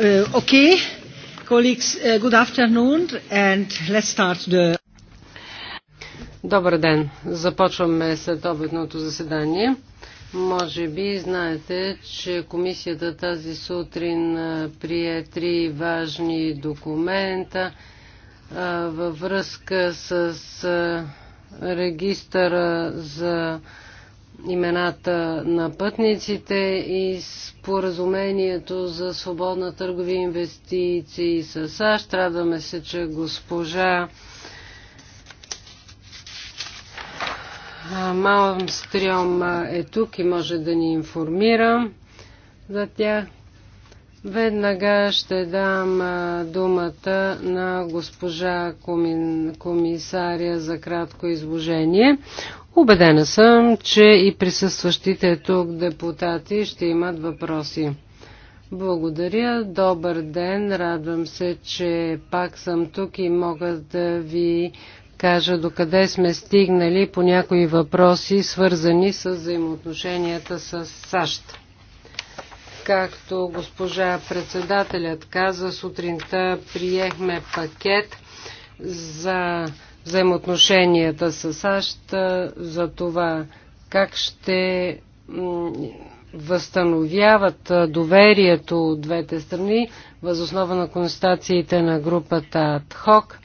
Uh, okay, colleagues, uh, good afternoon and let's start the... Добър ден! Започваме след обедното заседание. Може би знаете, че комисията тази сутрин прие три важни документа във връзка с регистъра за имената на пътниците и споразумението за свободна търгови инвестиции с САЩ. Радваме се, че госпожа Малмстрём е тук и може да ни информира за тях. Веднага ще дам думата на госпожа комисаря за кратко изложение. Убедена съм, че и присъстващите тук депутати ще имат въпроси. Благодаря, добър ден, радвам се, че пак съм тук и мога да ви кажа докъде сме стигнали по някои въпроси, свързани с взаимоотношенията с САЩ. Както госпожа председателят каза, сутринта приехме пакет за взаимоотношенията с САЩ за това как ще възстановяват доверието от двете страни, възоснова на констациите на групата АДХОК.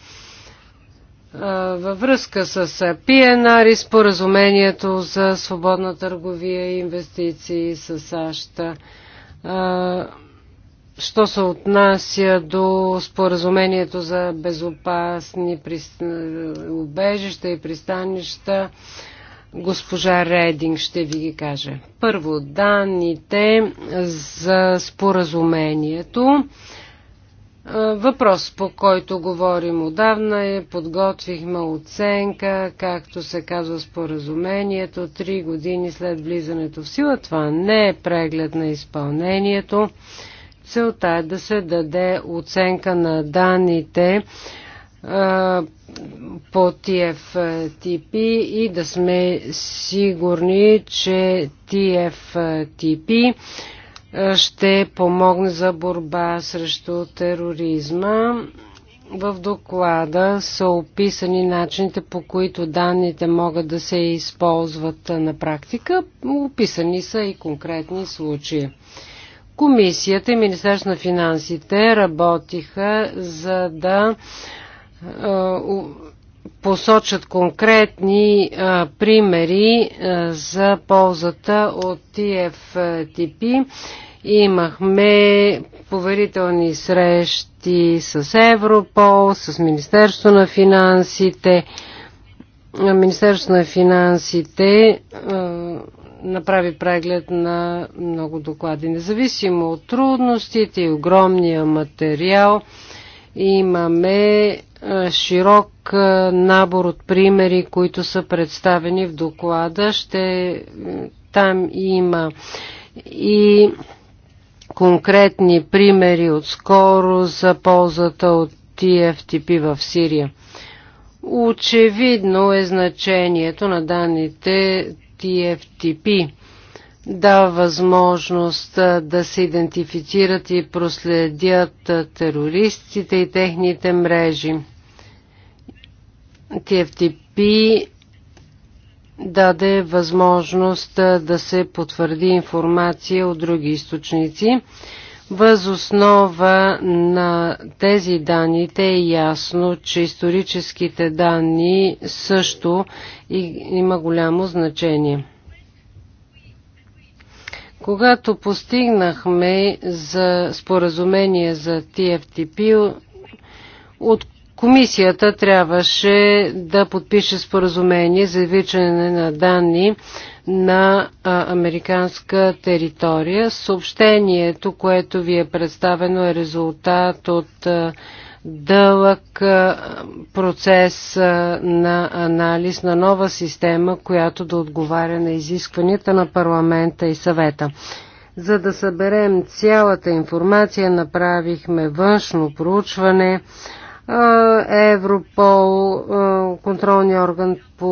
Във връзка с ПНР и споразумението за свободна търговия и инвестиции с САЩ, Що се отнася до споразумението за безопасни убежища и пристанища, госпожа Рединг ще ви ги каже. Първо, данните за споразумението. Въпрос, по който говорим отдавна е, подготвихме оценка, както се казва споразумението, три години след влизането в сила. Това не е преглед на изпълнението. Целта е да се даде оценка на данните по TFTP и да сме сигурни, че TFTP ще помогне за борба срещу тероризма. В доклада са описани начините по които данните могат да се използват на практика. Описани са и конкретни случаи. Комисията и Министерство на финансите работиха за да посочат конкретни примери за ползата от TFTP. Имахме поверителни срещи с Европол, с Министерство на финансите. Министерство на финансите направи преглед на много доклади. Независимо от трудностите и огромния материал, имаме широк набор от примери, които са представени в доклада. Ще, там има и конкретни примери от скоро за ползата от TFTP в Сирия. Очевидно е значението на данните TFTP дава възможност да се идентифицират и проследят терористите и техните мрежи. TFTP даде възможност да се потвърди информация от други източници. Въз основа на тези данни те е ясно, че историческите данни също има голямо значение. Когато постигнахме за споразумение за TFTP, от комисията трябваше да подпише споразумение за извичане на данни на американска територия. Съобщението, което ви е представено е резултат от дълъг процес на анализ на нова система, която да отговаря на изискванията на парламента и съвета. За да съберем цялата информация, направихме външно проучване Европол, контролния орган по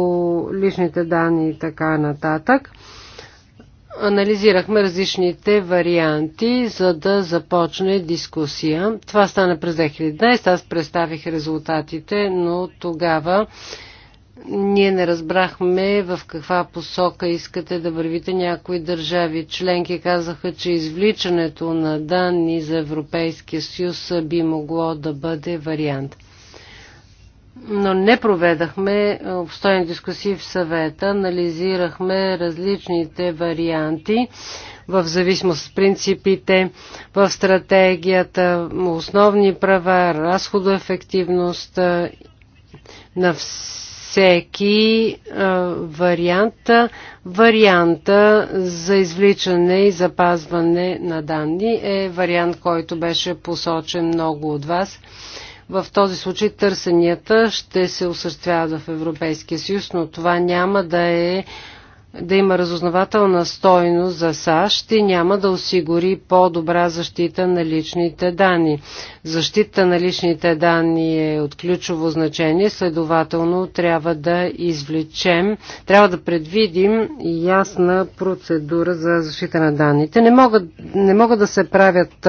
личните данни и така нататък. Анализирахме различните варианти, за да започне дискусия. Това стана през 2011. Аз представих резултатите, но тогава ние не разбрахме в каква посока искате да вървите. Някои държави членки казаха, че извличането на данни за Европейския съюз би могло да бъде вариант. Но не проведахме обстойни дискусии в съвета, анализирахме различните варианти в зависимост от принципите, в стратегията, основни права, разходоефективност на всички всеки вариант, варианта за извличане и запазване на данни е вариант, който беше посочен много от вас. В този случай търсенията ще се осъществяват в Европейския съюз, но това няма да е да има разузнавателна стойност за САЩ и няма да осигури по-добра защита на личните данни. Защита на личните данни е от ключово значение, следователно трябва да извлечем, трябва да предвидим ясна процедура за защита на данните. Не могат, не могат да се правят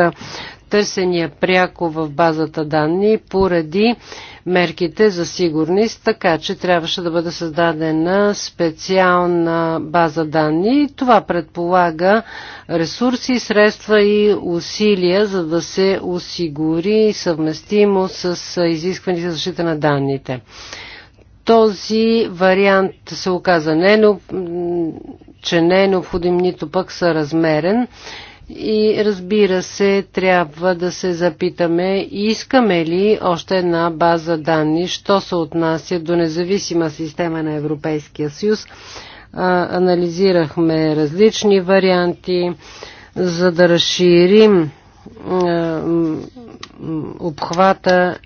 търсения пряко в базата данни поради мерките за сигурност, така че трябваше да бъде създадена специална база данни. Това предполага ресурси, средства и усилия, за да се осигури съвместимо с изискваните за защита на данните. Този вариант се оказа, не е, че не е необходим, нито пък съразмерен. размерен и разбира се, трябва да се запитаме, искаме ли още една база данни, що се отнася до независима система на Европейския съюз. А, анализирахме различни варианти, за да разширим а, обхвата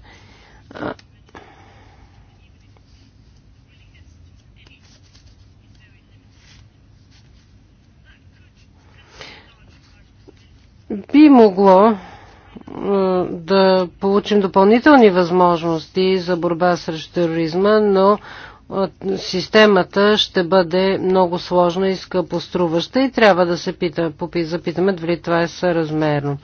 би могло да получим допълнителни възможности за борба срещу тероризма, но системата ще бъде много сложна и скъпоструваща и трябва да се пита, запитаме дали това е съразмерно.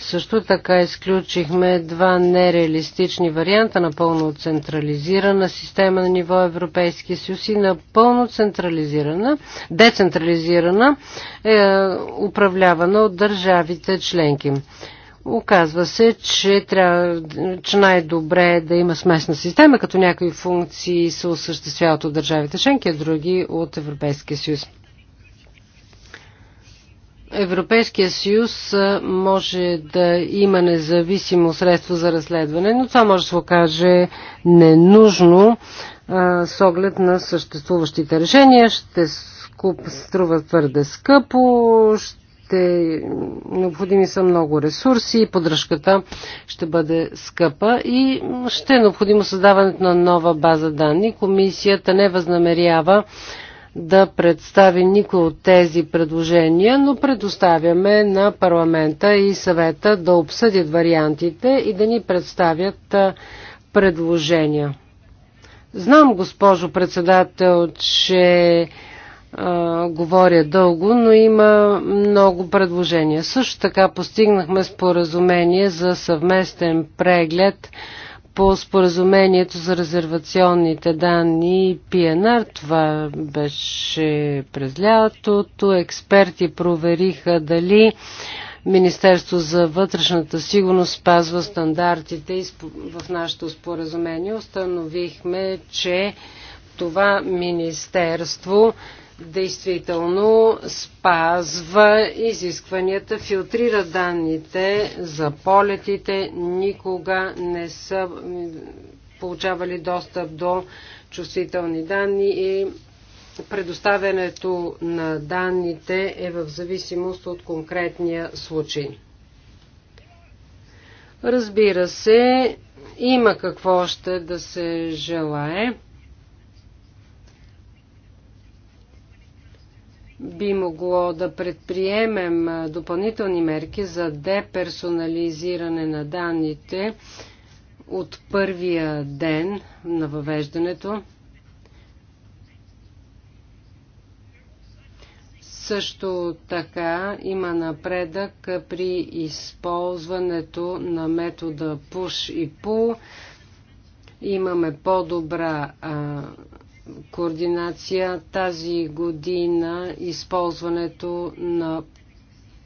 Също така изключихме два нереалистични варианта на пълно централизирана система на ниво Европейски съюз и на пълно централизирана, децентрализирана, е, управлявана от държавите членки. Оказва се, че, трябва, че най-добре е да има смесна система, като някои функции се осъществяват от държавите членки, а други от Европейския съюз. Европейския съюз може да има независимо средство за разследване, но това може да се окаже ненужно а, с оглед на съществуващите решения. Ще скуп, струва твърде скъпо, ще, необходими са много ресурси, поддръжката ще бъде скъпа и ще е необходимо създаването на нова база данни. Комисията не възнамерява да представи никой от тези предложения, но предоставяме на парламента и съвета да обсъдят вариантите и да ни представят предложения. Знам, госпожо председател, че а, говоря дълго, но има много предложения. Също така постигнахме споразумение за съвместен преглед по споразумението за резервационните данни и ПНР. Това беше през лятото. Експерти провериха дали Министерство за вътрешната сигурност спазва стандартите в нашето споразумение. Установихме, че това министерство действително спазва изискванията, филтрира данните за полетите, никога не са получавали достъп до чувствителни данни и предоставянето на данните е в зависимост от конкретния случай. Разбира се, има какво още да се желае. би могло да предприемем допълнителни мерки за деперсонализиране на данните от първия ден на въвеждането. Също така има напредък при използването на метода push и pull. Имаме по-добра координация. Тази година използването на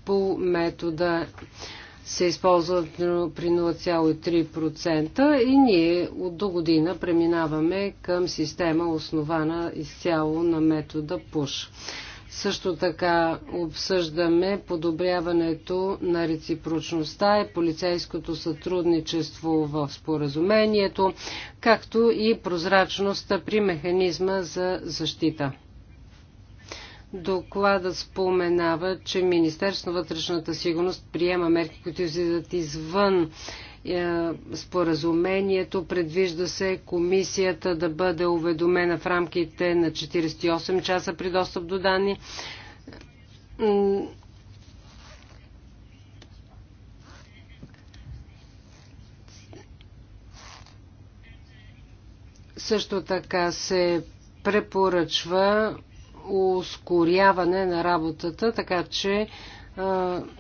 по метода се използва при 0,3% и ние от до година преминаваме към система основана изцяло на метода ПУШ. Също така обсъждаме подобряването на реципрочността и полицейското сътрудничество в споразумението, както и прозрачността при механизма за защита. Докладът споменава, че Министерството на вътрешната сигурност приема мерки, които излизат извън е, споразумението предвижда се комисията да бъде уведомена в рамките на 48 часа при достъп до данни. Също така се препоръчва ускоряване на работата, така че е,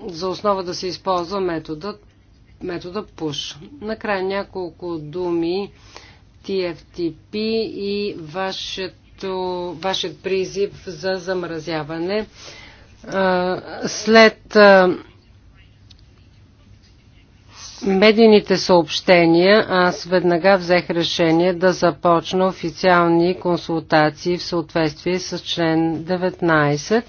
за основа да се използва методът метода PUSH. Накрая няколко думи TFTP и вашето, вашият призив за замразяване. След медийните съобщения аз веднага взех решение да започна официални консултации в съответствие с член 19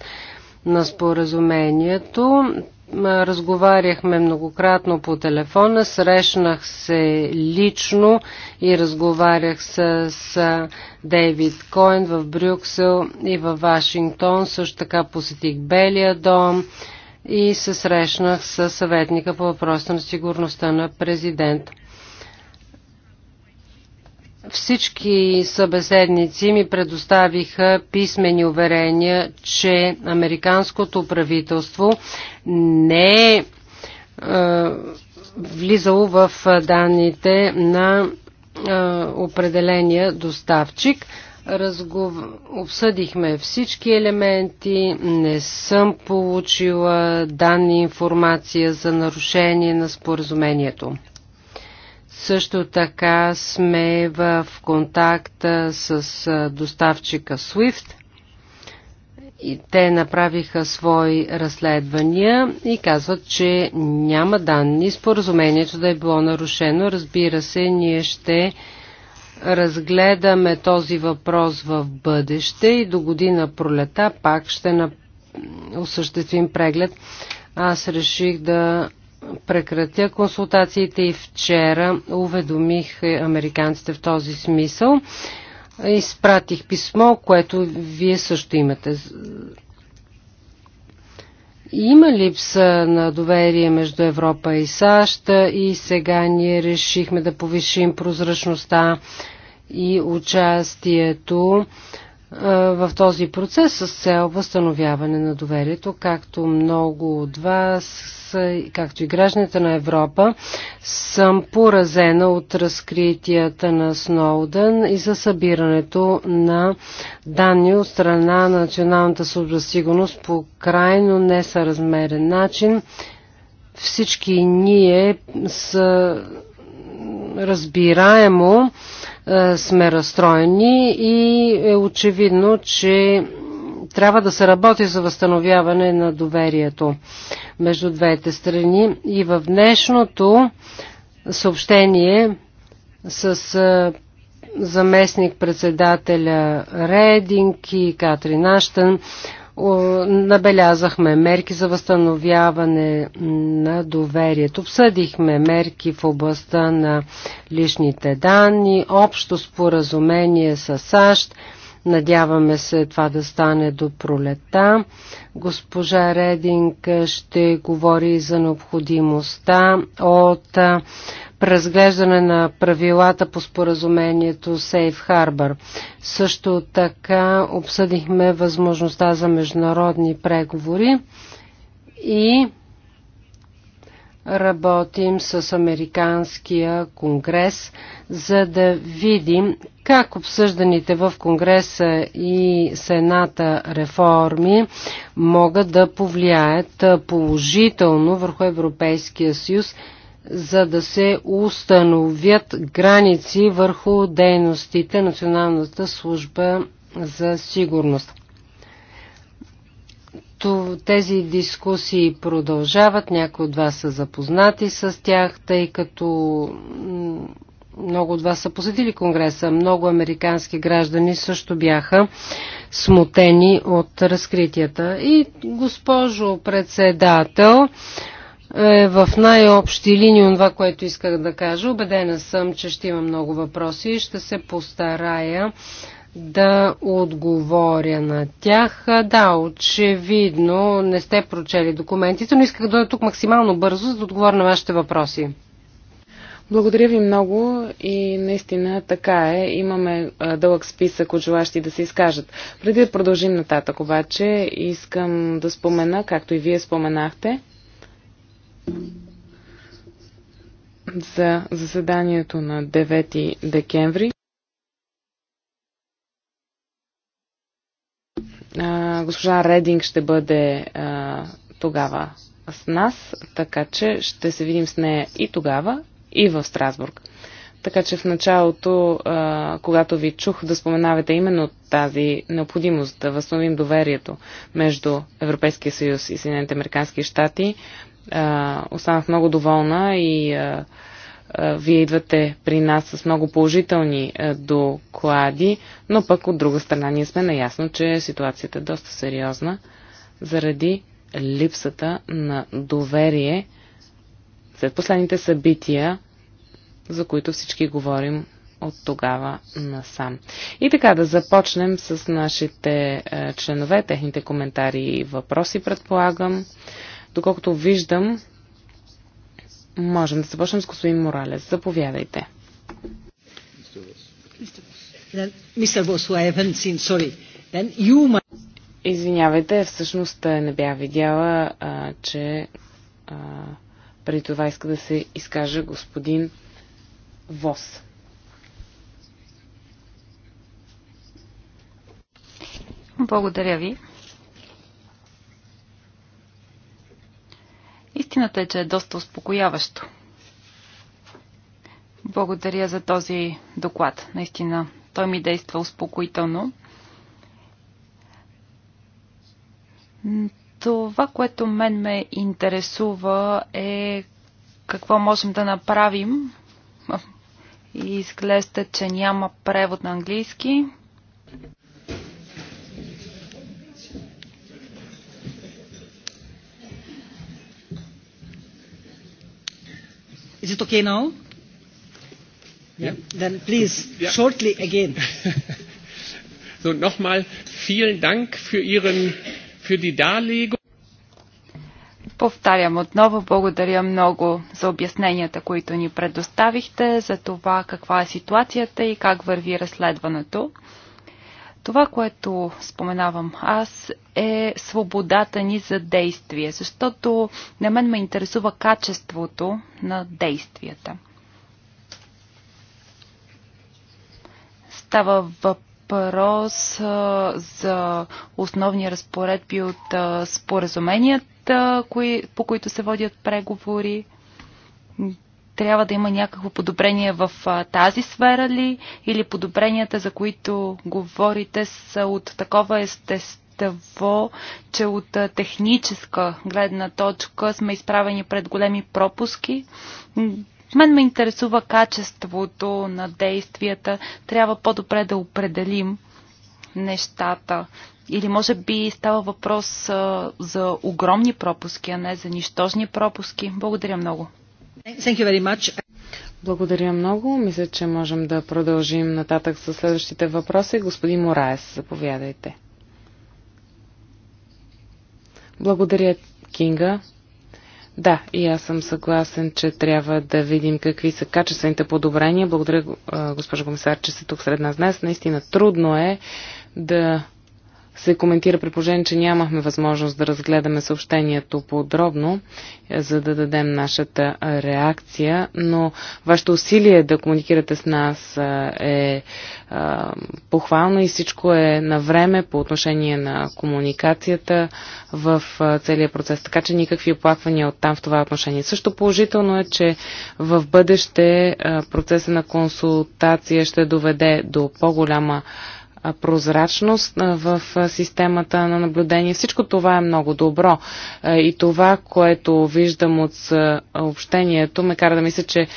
на споразумението разговаряхме многократно по телефона, срещнах се лично и разговарях с, с Дейвид Коен в Брюксел и във Вашингтон. Също така посетих Белия дом и се срещнах с съветника по въпроса на сигурността на президента. Всички събеседници ми предоставиха писмени уверения, че американското правителство не е, е влизало в данните на е, определения доставчик. Разгов... Обсъдихме всички елементи, не съм получила данни информация за нарушение на споразумението. Също така сме в контакт с доставчика SWIFT. И те направиха свои разследвания и казват, че няма данни споразумението да е било нарушено. Разбира се, ние ще разгледаме този въпрос в бъдеще и до година пролета пак ще на... осъществим преглед. Аз реших да прекратя консултациите и вчера уведомих американците в този смисъл. Изпратих писмо, което вие също имате. Има липса на доверие между Европа и САЩ и сега ние решихме да повишим прозрачността и участието е, в този процес с цел възстановяване на доверието, както много от вас, както и гражданите на Европа, съм поразена от разкритията на Сноуден и за събирането на данни от страна на Националната служба сигурност по крайно несъразмерен начин. Всички ние са разбираемо е, сме разстроени и е очевидно, че трябва да се работи за възстановяване на доверието между двете страни. И в днешното съобщение с е, заместник председателя Рединг и Катрин Аштън Набелязахме мерки за възстановяване на доверието. Обсъдихме мерки в областта на личните данни, общо споразумение с САЩ. Надяваме се това да стане до пролета. Госпожа Рединг ще говори за необходимостта от преразглеждане на правилата по споразумението Safe Harbor. Също така обсъдихме възможността за международни преговори и работим с Американския конгрес, за да видим как обсъжданите в Конгреса и Сената реформи могат да повлияят положително върху Европейския съюз за да се установят граници върху дейностите Националната служба за сигурност. Тези дискусии продължават, някои от вас са запознати с тях, тъй като много от вас са посетили Конгреса. Много американски граждани също бяха смутени от разкритията. И, госпожо председател, е в най-общи линии това, което исках да кажа. Обедена съм, че ще има много въпроси и ще се постарая да отговоря на тях. Да, очевидно не сте прочели документите, но исках да дойда тук максимално бързо, за да отговоря на вашите въпроси. Благодаря ви много и наистина така е. Имаме дълъг списък от желащи да се изкажат. Преди да продължим нататък обаче, искам да спомена, както и вие споменахте, за заседанието на 9 декември. А, госпожа Рединг ще бъде а, тогава с нас, така че ще се видим с нея и тогава, и в Страсбург. Така че в началото, а, когато ви чух да споменавате именно тази необходимост да възстановим доверието между Европейския съюз и Съединените Американски щати, а, останах много доволна и а, а, вие идвате при нас с много положителни а, доклади, но пък от друга страна ние сме наясно, че ситуацията е доста сериозна заради липсата на доверие след последните събития, за които всички говорим от тогава насам. И така да започнем с нашите членове, техните коментари и въпроси, предполагам. Доколкото виждам, можем да започнем с господин Моралес. Заповядайте. Извинявайте, всъщност не бях видяла, а, че а, преди това иска да се изкаже господин Вос. Благодаря ви. Истината е, че е доста успокояващо. Благодаря за този доклад. Наистина, той ми действа успокоително. Това, което мен ме интересува е какво можем да направим. Изглежда, че няма превод на английски. Is it okay now? Yeah. Then please, yeah. shortly again. so, nochmal vielen Dank für, Ihren, für die Darlegung. Повтарям отново, благодаря много за обясненията, които ни предоставихте, за това каква е ситуацията и как върви разследването. Това, което споменавам аз е свободата ни за действие, защото на мен ме интересува качеството на действията. Става въпрос за основни разпоредби от споразуменията, по които се водят преговори трябва да има някакво подобрение в а, тази сфера ли? Или подобренията, за които говорите, са от такова естество? какво, че от техническа гледна точка сме изправени пред големи пропуски. Мен ме интересува качеството на действията. Трябва по-добре да определим нещата. Или може би става въпрос а, за огромни пропуски, а не за нищожни пропуски. Благодаря много. Thank you very much. Благодаря много. Мисля, че можем да продължим нататък с следващите въпроси. Господин Мораес, заповядайте. Благодаря, Кинга. Да, и аз съм съгласен, че трябва да видим какви са качествените подобрения. Благодаря, госпожо комисар, че сте тук сред нас днес. Наистина трудно е да се коментира при положение, че нямахме възможност да разгледаме съобщението подробно, е, за да дадем нашата реакция, но вашето усилие да комуникирате с нас е, е похвално и всичко е на време по отношение на комуникацията в целия процес, така че никакви оплаквания от там в това отношение. Също положително е, че в бъдеще процеса на консултация ще доведе до по-голяма прозрачност в системата на наблюдение. Всичко това е много добро. И това, което виждам от общението, ме кара да мисля, че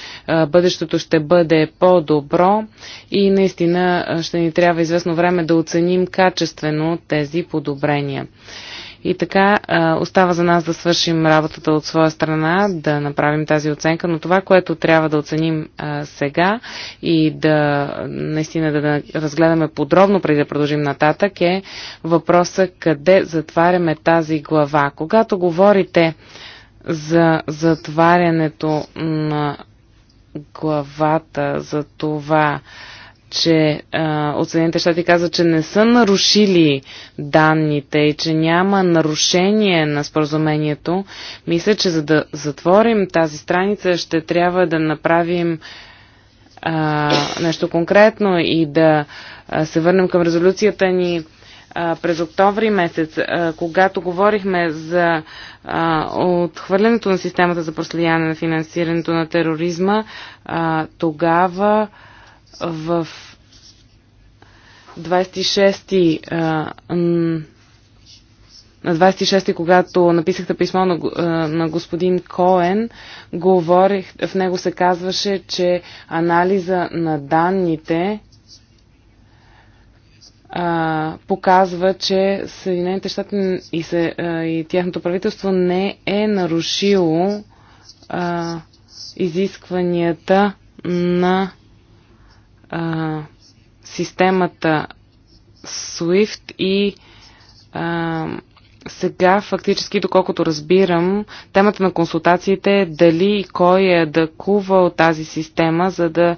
бъдещето ще бъде по-добро и наистина ще ни трябва известно време да оценим качествено тези подобрения. И така а, остава за нас да свършим работата от своя страна, да направим тази оценка, но това, което трябва да оценим а, сега и да наистина да разгледаме подробно преди да продължим нататък е въпроса къде затваряме тази глава. Когато говорите за затварянето на главата, за това, че а, от Съединените щати каза, че не са нарушили данните и че няма нарушение на споразумението, мисля, че за да затворим тази страница ще трябва да направим а, нещо конкретно и да а, се върнем към резолюцията ни а, през октомври месец, а, когато говорихме за а, отхвърлянето на системата за проследяване на финансирането на тероризма, а, тогава в 26-ти на 26-ти, когато написахте писмо на, на господин Коен, говорих, в него се казваше, че анализа на данните а, показва, че Съединените щати и, се, а, и тяхното правителство не е нарушило а, изискванията на а, системата SWIFT и а, сега фактически, доколкото разбирам, темата на консултациите е дали и кой е атакувал тази система, за да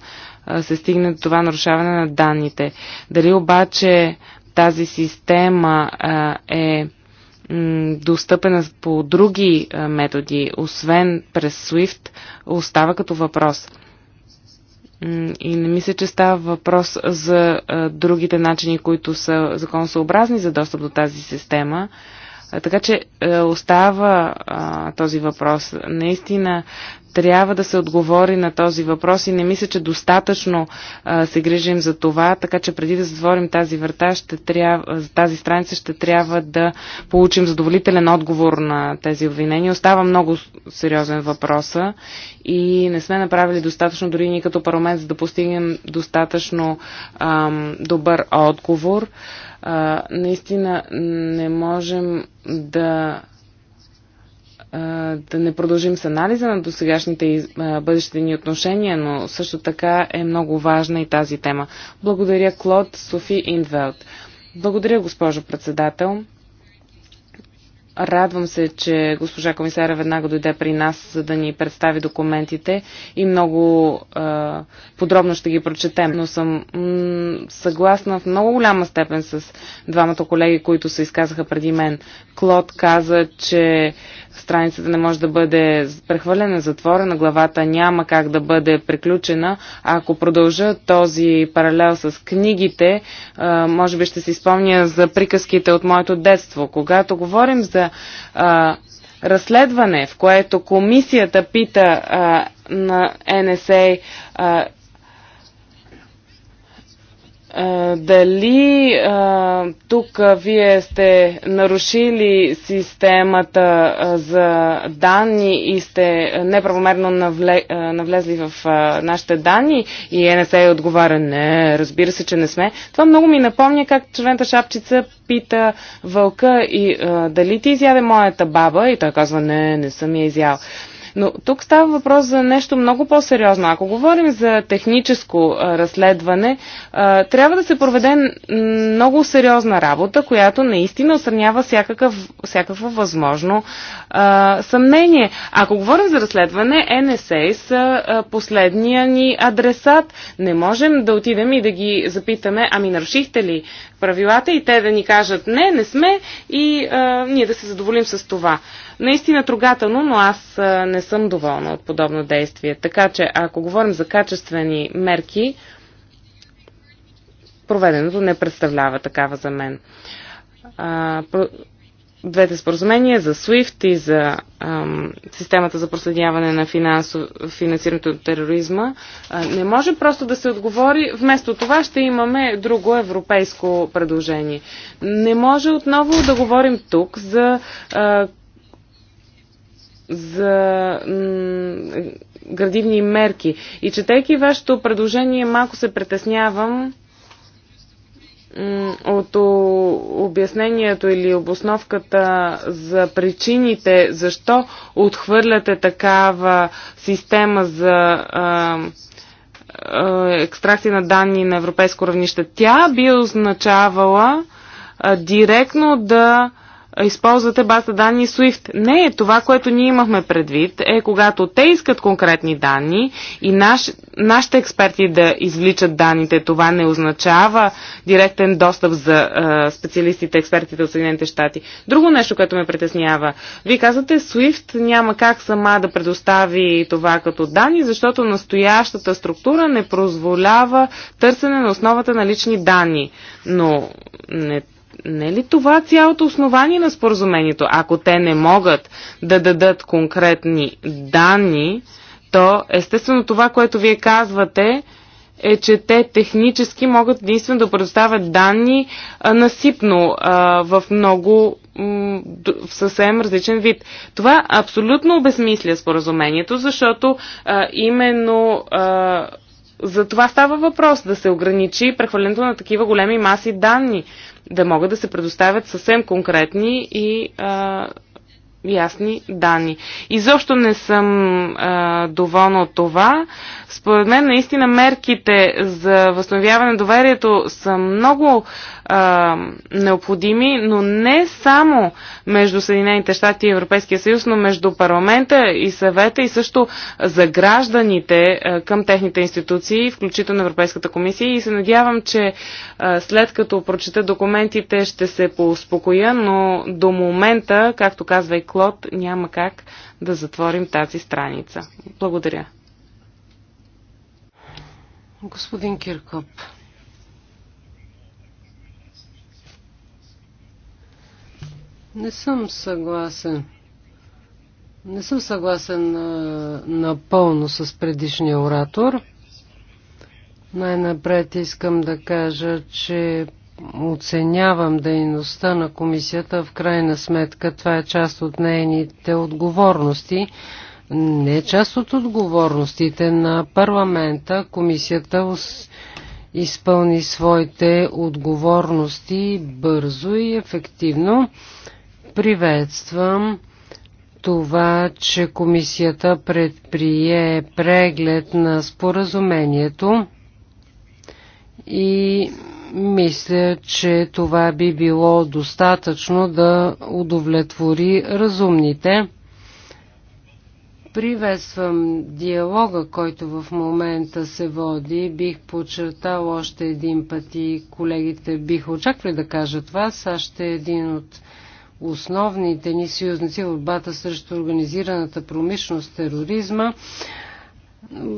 се стигне до това нарушаване на данните. Дали обаче тази система а, е достъпена по други методи, освен през SWIFT, остава като въпрос. И не мисля, че става въпрос за другите начини, които са законосъобразни за достъп до тази система. Е, така че е, остава а, този въпрос. Наистина трябва да се отговори на този въпрос и не мисля, че достатъчно а, се грижим за това, така че преди да затворим тази врата, ще трябва, тази страница ще трябва да получим задоволителен отговор на тези обвинения. Остава много сериозен въпрос и не сме направили достатъчно дори ни като парламент, за да постигнем достатъчно ам, добър отговор. А, наистина не можем да да не продължим с анализа на досегашните и бъдещите ни отношения, но също така е много важна и тази тема. Благодаря Клод Софи Индвелт. Благодаря, госпожо председател. Радвам се, че госпожа комисара веднага дойде при нас, за да ни представи документите и много е, подробно ще ги прочетем. Но съм съгласна в много голяма степен с двамата колеги, които се изказаха преди мен. Клод каза, че страницата не може да бъде прехвърлена, затворена, главата няма как да бъде приключена. А ако продължа този паралел с книгите, е, може би ще си спомня за приказките от моето детство. Когато говорим за а, разследване, в което комисията пита а, на НСА а, дали а, тук вие сте нарушили системата а, за данни и сте неправомерно навле, а, навлезли в а, нашите данни и НСА е отговаря не, разбира се, че не сме. Това много ми напомня как червената шапчица пита вълка и а, дали ти изяде моята баба и той казва не, не съм я изял. Но тук става въпрос за нещо много по-сериозно. Ако говорим за техническо разследване, трябва да се проведе много сериозна работа, която наистина осърнява всякакъв, всякакво възможно съмнение. Ако говорим за разследване, НСА са последния ни адресат. Не можем да отидем и да ги запитаме, ами нарушихте ли правилата и те да ни кажат не, не сме и а, ние да се задоволим с това. Наистина трогателно, но аз а, не съм доволна от подобно действие. Така че, ако говорим за качествени мерки, проведеното не представлява такава за мен. А, двете споразумения за SWIFT и за ам, системата за проследяване на финансов, финансирането на тероризма, а, не може просто да се отговори, вместо това ще имаме друго европейско предложение. Не може отново да говорим тук за, а, за градивни мерки. И четейки вашето предложение, малко се притеснявам от обяснението или обосновката за причините, защо отхвърляте такава система за екстракция на данни на европейско равнище. Тя би означавала директно да използвате база данни SWIFT. Не, е това, което ние имахме предвид е когато те искат конкретни данни и наш, нашите експерти да извличат данните, това не означава директен достъп за а, специалистите, експертите от Съединените щати. Друго нещо, което ме притеснява. Вие казвате, SWIFT няма как сама да предостави това като данни, защото настоящата структура не позволява търсене на основата на лични данни. Но не не е ли това цялото основание на споразумението? Ако те не могат да дадат конкретни данни, то естествено това, което вие казвате, е, че те технически могат единствено да предоставят данни а, насипно а, в много в съвсем различен вид. Това абсолютно обезмисля споразумението, защото а, именно а, за това става въпрос да се ограничи прехвърлянето на такива големи маси данни да могат да се предоставят съвсем конкретни и а, ясни данни. Изобщо не съм а, доволна от това. Според мен наистина мерките за възстановяване на доверието са много а, необходими, но не само между Съединените щати и Европейския съюз, но между парламента и съвета и също за гражданите а, към техните институции, включително Европейската комисия. И се надявам, че а, след като прочета документите ще се поуспокоя, но до момента, както казва и Клод, няма как да затворим тази страница. Благодаря. Господин Киркоп. Не съм съгласен. Не съм съгласен напълно с предишния оратор. Най-напред искам да кажа, че оценявам дейността на комисията. В крайна сметка това е част от нейните отговорности. Не е част от отговорностите на парламента. Комисията изпълни своите отговорности бързо и ефективно. Приветствам това, че комисията предприе преглед на споразумението и мисля, че това би било достатъчно да удовлетвори разумните. Приветствам диалога, който в момента се води. Бих подчертал още един път и колегите биха очаквали да кажат това. САЩ е един от основните ни съюзници в борбата срещу организираната промишленост тероризма.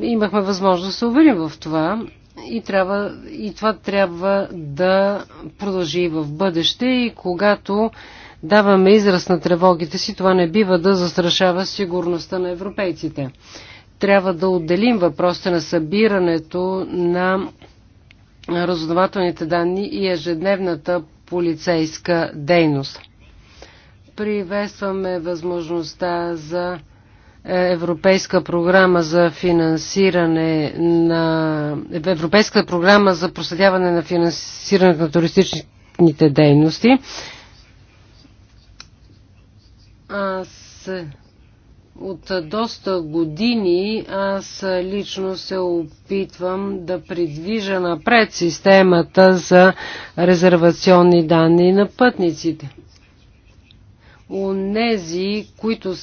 Имахме възможност да се уверим в това и, трябва, и това трябва да продължи в бъдеще и когато даваме израз на тревогите си, това не бива да застрашава сигурността на европейците. Трябва да отделим въпросите на събирането на разузнавателните данни и ежедневната полицейска дейност. Приветстваме възможността за Европейска програма за финансиране на Европейска програма за проследяване на финансирането на туристичните дейности. Аз от доста години аз лично се опитвам да придвижа напред системата за резервационни данни на пътниците онези, които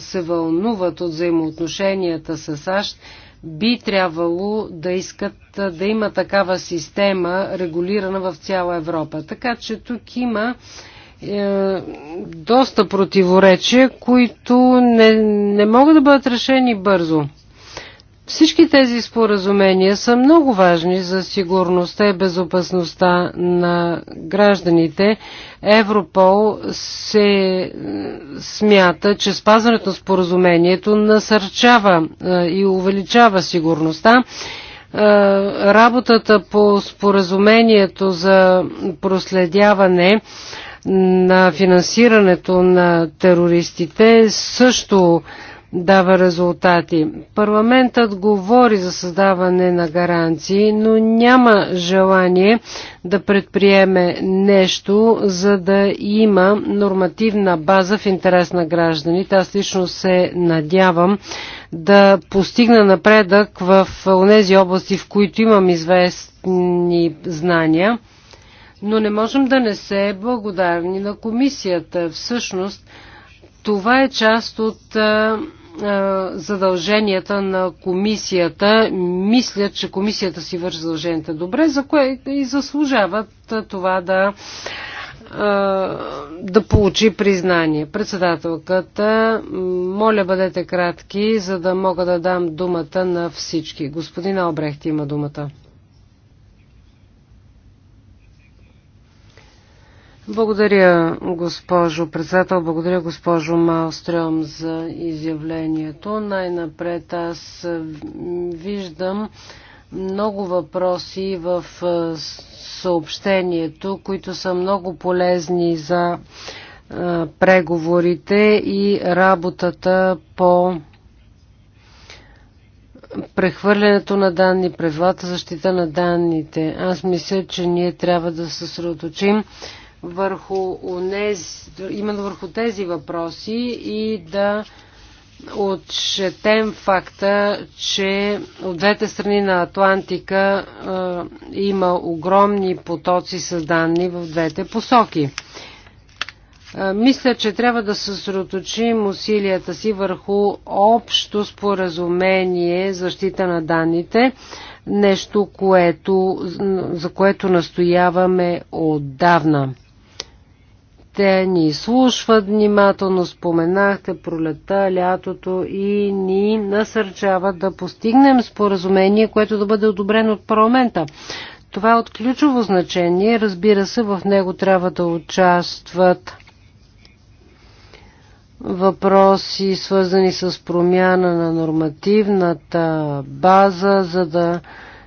се вълнуват от взаимоотношенията с САЩ, би трябвало да искат да има такава система, регулирана в цяла Европа. Така че тук има е, доста противоречия, които не, не могат да бъдат решени бързо. Всички тези споразумения са много важни за сигурността и безопасността на гражданите. Европол се смята, че спазването на споразумението насърчава и увеличава сигурността. Работата по споразумението за проследяване на финансирането на терористите също дава резултати. Парламентът говори за създаване на гаранции, но няма желание да предприеме нещо, за да има нормативна база в интерес на гражданите. Аз лично се надявам да постигна напредък в тези области, в които имам известни знания. Но не можем да не се благодарни на комисията. Всъщност, това е част от е, задълженията на комисията. Мислят, че комисията си върши задълженията добре, за което и заслужават е, това да е, да получи признание. Председателката, моля бъдете кратки, за да мога да дам думата на всички. Господин Албрехт има думата. Благодаря, госпожо председател. Благодаря, госпожо Малстрем, за изявлението. Най-напред аз виждам много въпроси в съобщението, които са много полезни за преговорите и работата по прехвърлянето на данни, правилата защита на данните. Аз мисля, че ние трябва да се съсредоточим върху унез, именно върху тези въпроси и да отчетем факта, че от двете страни на Атлантика а, е, има огромни потоци с данни в двете посоки. Е, мисля, че трябва да съсредоточим усилията си върху общо споразумение защита на данните, нещо, което, за което настояваме отдавна те ни слушват внимателно, споменахте пролета, лятото и ни насърчават да постигнем споразумение, което да бъде одобрено от парламента. Това е от ключово значение. Разбира се, в него трябва да участват въпроси, свързани с промяна на нормативната база, за да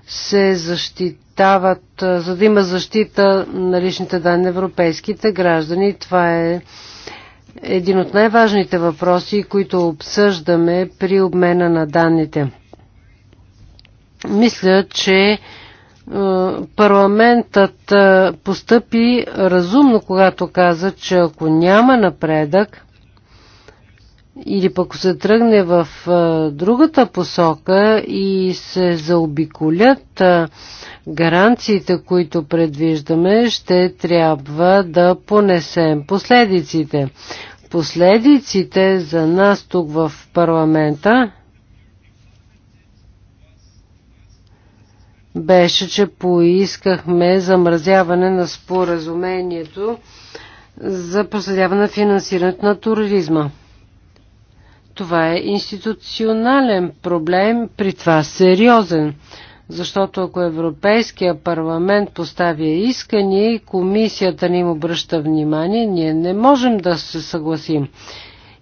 се защити защитават, за да има защита на личните данни на европейските граждани. Това е един от най-важните въпроси, които обсъждаме при обмена на данните. Мисля, че парламентът постъпи разумно, когато каза, че ако няма напредък, или пък се тръгне в другата посока и се заобиколят гаранциите, които предвиждаме, ще трябва да понесем последиците. Последиците за нас тук в парламента беше, че поискахме замразяване на споразумението за проследяване на финансирането на туризма. Това е институционален проблем, при това сериозен. Защото ако Европейския парламент поставя искания и комисията ни им обръща внимание, ние не можем да се съгласим.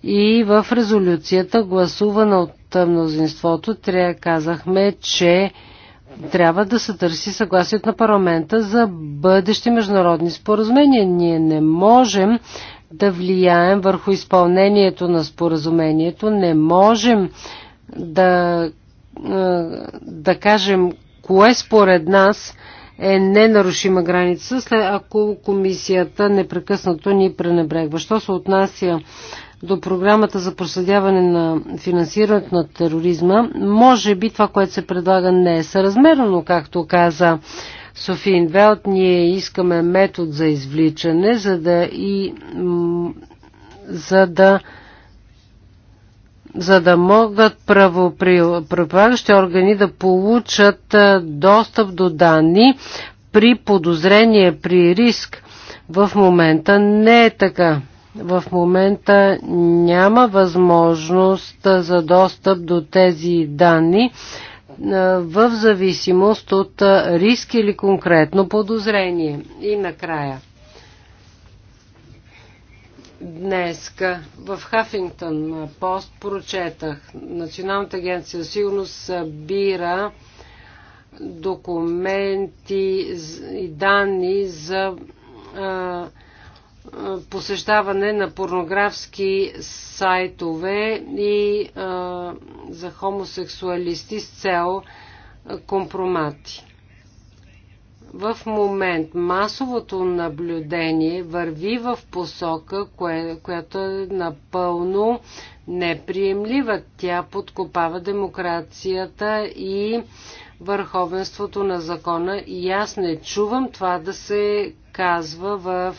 И в резолюцията, гласувана от мнозинството, трябва казахме, че трябва да се търси съгласието на парламента за бъдещи международни споразумения. Ние не можем да влияем върху изпълнението на споразумението. Не можем да, да кажем кое според нас е ненарушима граница, след ако комисията непрекъснато ни пренебрегва. Що се отнася до програмата за проследяване на финансирането на тероризма, може би това, което се предлага не е съразмерно, както каза Софин Велт, ние искаме метод за извличане, за да и за да за да могат правоприлагащи органи да получат достъп до данни при подозрение, при риск. В момента не е така. В момента няма възможност за достъп до тези данни е, в зависимост от е, риск или конкретно подозрение. И накрая. Днес в Хафингтън пост прочетах. Националната агенция за сигурност събира документи и данни за а, е, посещаване на порнографски сайтове и а, за хомосексуалисти с цел компромати. В момент масовото наблюдение върви в посока, кое, която е напълно неприемлива. Тя подкопава демокрацията и върховенството на закона и аз не чувам това да се казва в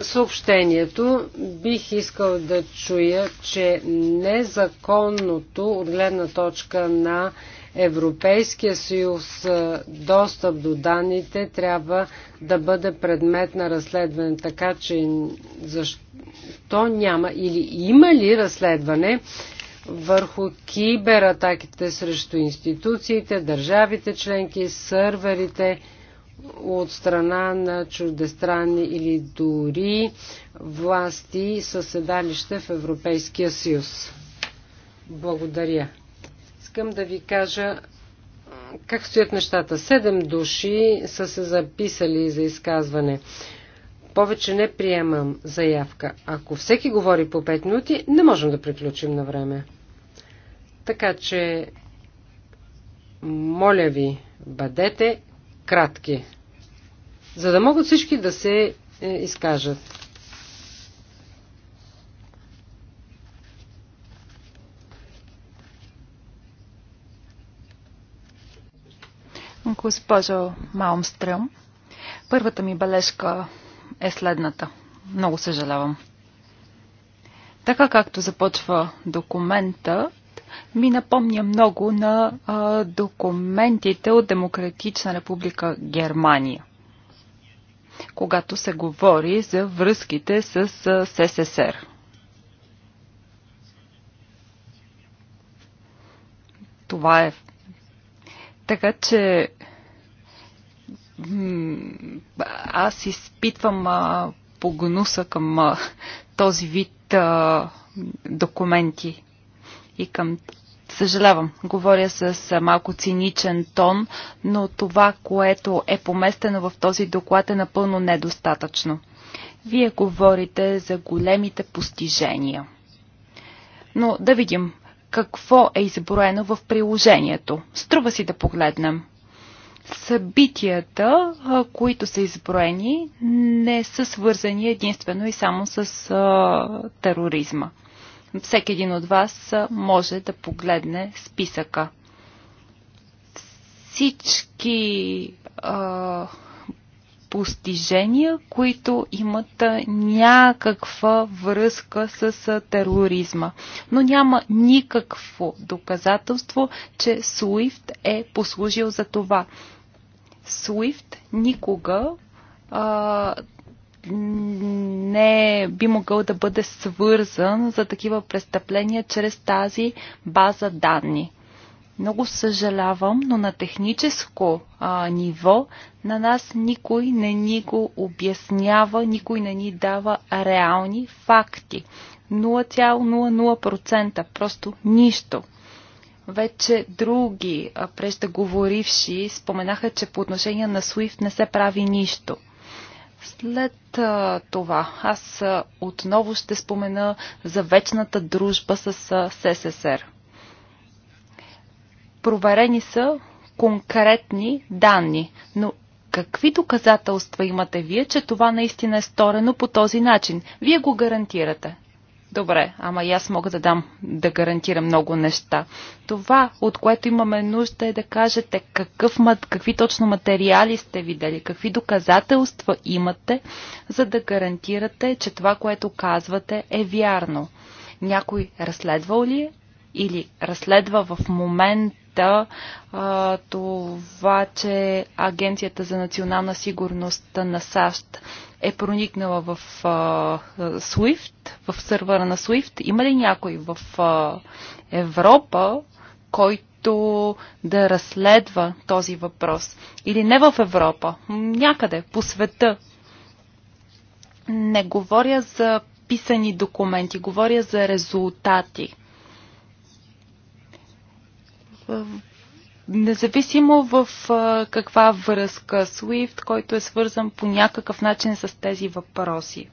съобщението. Бих искал да чуя, че незаконното от гледна точка на Европейския съюз достъп до данните трябва да бъде предмет на разследване, така че защо няма или има ли разследване върху кибератаките срещу институциите, държавите членки, сърверите от страна на чуждестранни или дори власти със седалище в Европейския съюз. Благодаря. Искам да ви кажа как стоят нещата. Седем души са се записали за изказване. Повече не приемам заявка. Ако всеки говори по 5 минути, не можем да приключим на време. Така че, моля ви, бъдете кратки, за да могат всички да се е, изкажат. Госпожо Маумстръм, първата ми бележка е следната. Много съжалявам. Така както започва документа, ми напомня много на а, документите от Демократична република Германия, когато се говори за връзките с СССР. Това е. Така че аз изпитвам а, погнуса към а, този вид а, документи и към. Съжалявам, говоря с малко циничен тон, но това, което е поместено в този доклад е напълно недостатъчно. Вие говорите за големите постижения. Но да видим какво е изброено в приложението. Струва си да погледнем събитията, които са изброени, не са свързани единствено и само с тероризма. Всеки един от вас може да погледне списъка. Всички а, постижения, които имат някаква връзка с тероризма. Но няма никакво доказателство, че Суифт е послужил за това. SWIFT никога а, не би могъл да бъде свързан за такива престъпления чрез тази база данни. Много съжалявам, но на техническо а, ниво на нас никой не ни го обяснява, никой не ни дава реални факти. 0,00%, просто нищо. Вече други преждеговоривши споменаха, че по отношение на SWIFT не се прави нищо. След това аз отново ще спомена за вечната дружба с СССР. Проверени са конкретни данни, но какви доказателства имате вие, че това наистина е сторено по този начин? Вие го гарантирате. Добре, ама и аз мога да дам, да гарантирам много неща. Това, от което имаме нужда е да кажете какъв, какви точно материали сте видели, какви доказателства имате, за да гарантирате, че това, което казвате е вярно. Някой разследвал ли е или разследва в момента а, това, че Агенцията за национална сигурност на САЩ е проникнала в а, Swift, в сървъра на Swift? Има ли някой в а, Европа, който да разследва този въпрос? Или не в Европа, някъде по света? Не говоря за писани документи, говоря за резултати Независимо в каква връзка SWIFT, който е свързан по някакъв начин с тези въпроси.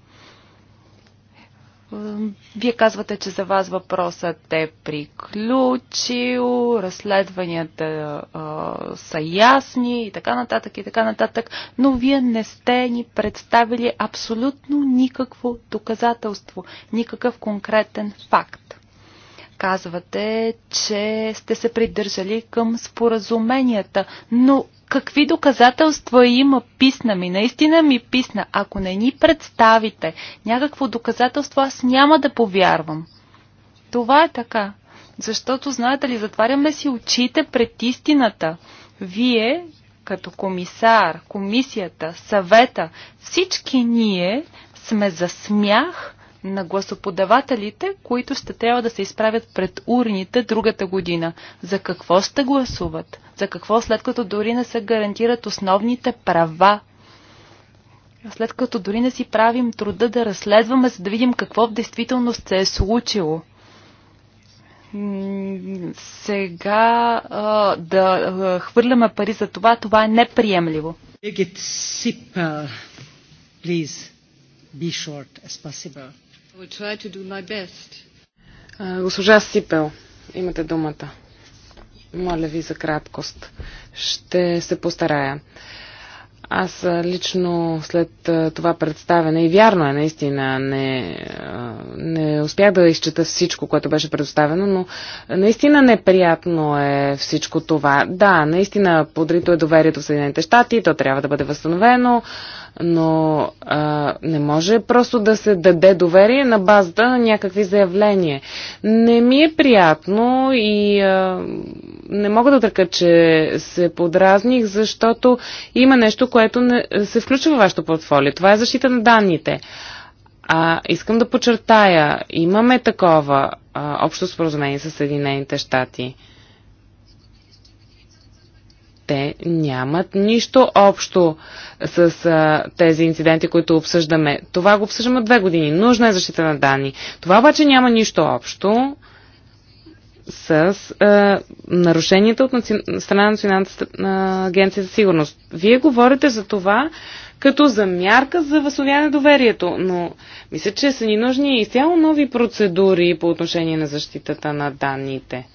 Вие казвате, че за вас въпросът е приключил, разследванията а, са ясни и така нататък и така нататък, но вие не сте ни представили абсолютно никакво доказателство, никакъв конкретен факт казвате, че сте се придържали към споразуменията, но какви доказателства има писна ми? Наистина ми писна. Ако не ни представите някакво доказателство, аз няма да повярвам. Това е така. Защото, знаете ли, затваряме си очите пред истината. Вие, като комисар, комисията, съвета, всички ние сме за смях на гласоподавателите, които ще трябва да се изправят пред урните другата година. За какво ще гласуват? За какво след като дори не се гарантират основните права? След като дори не си правим труда да разследваме, за да видим какво в действителност се е случило сега да хвърляме пари за това, това е неприемливо. please be short as possible. Госпожа Сипел, имате думата. Моля ви за краткост. Ще се постарая. Аз лично след това представяне, и вярно е наистина, не, не успях да изчета всичко, което беше предоставено, но наистина неприятно е всичко това. Да, наистина подрито е доверието в Съединените щати, то трябва да бъде възстановено, но а, не може просто да се даде доверие на базата на някакви заявления. Не ми е приятно и а, не мога да отръка, че се подразних, защото има нещо, което не, се включва във вашето портфолио. Това е защита на данните. А, искам да подчертая, имаме такова а, общо споразумение с Съединените щати. Те нямат нищо общо с а, тези инциденти, които обсъждаме. Това го обсъждаме две години. Нужна е защита на данни. Това обаче няма нищо общо с а, е, нарушенията от наци... страна на Националната агенция за сигурност. Вие говорите за това като за мярка за възстановяване на доверието, но мисля, че са ни нужни изцяло нови процедури по отношение на защитата на данните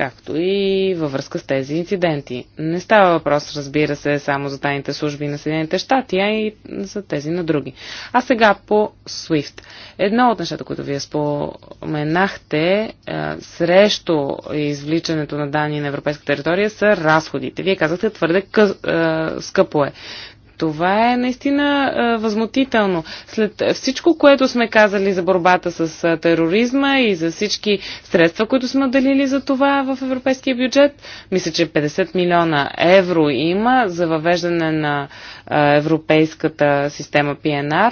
както и във връзка с тези инциденти. Не става въпрос, разбира се, само за тайните служби на Съединените щати, а и за тези на други. А сега по SWIFT. Едно от нещата, които вие споменахте е, срещу извличането на данни на европейска територия са разходите. Вие казахте твърде къс, е, скъпо е. Това е наистина а, възмутително. След всичко, което сме казали за борбата с а, тероризма и за всички средства, които сме отделили за това в европейския бюджет, мисля, че 50 милиона евро има за въвеждане на а, европейската система ПНР.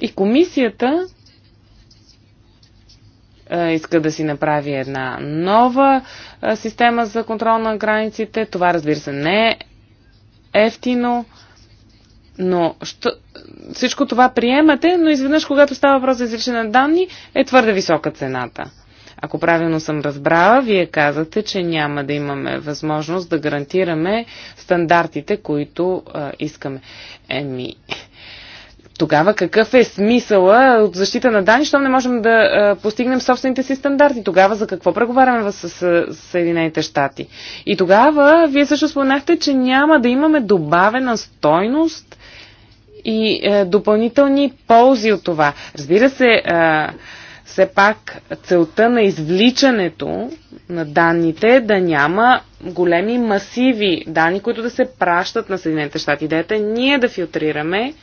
И комисията иска да си направи една нова система за контрол на границите. Това, разбира се, не е ефтино. Но що, всичко това приемате, но изведнъж, когато става въпрос за изричане на данни, е твърде висока цената. Ако правилно съм разбрала, вие казвате, че няма да имаме възможност да гарантираме стандартите, които а, искаме. Еми, тогава какъв е смисъла от защита на данни, щом не можем да а, постигнем собствените си стандарти? Тогава за какво преговаряме с, с Съединените щати? И тогава вие също споменахте, че няма да имаме добавена стойност и е, допълнителни ползи от това. Разбира се, е, все пак целта на извличането на данните е да няма големи масиви данни, които да се пращат на Съединените щати. Идеята е ние да филтрираме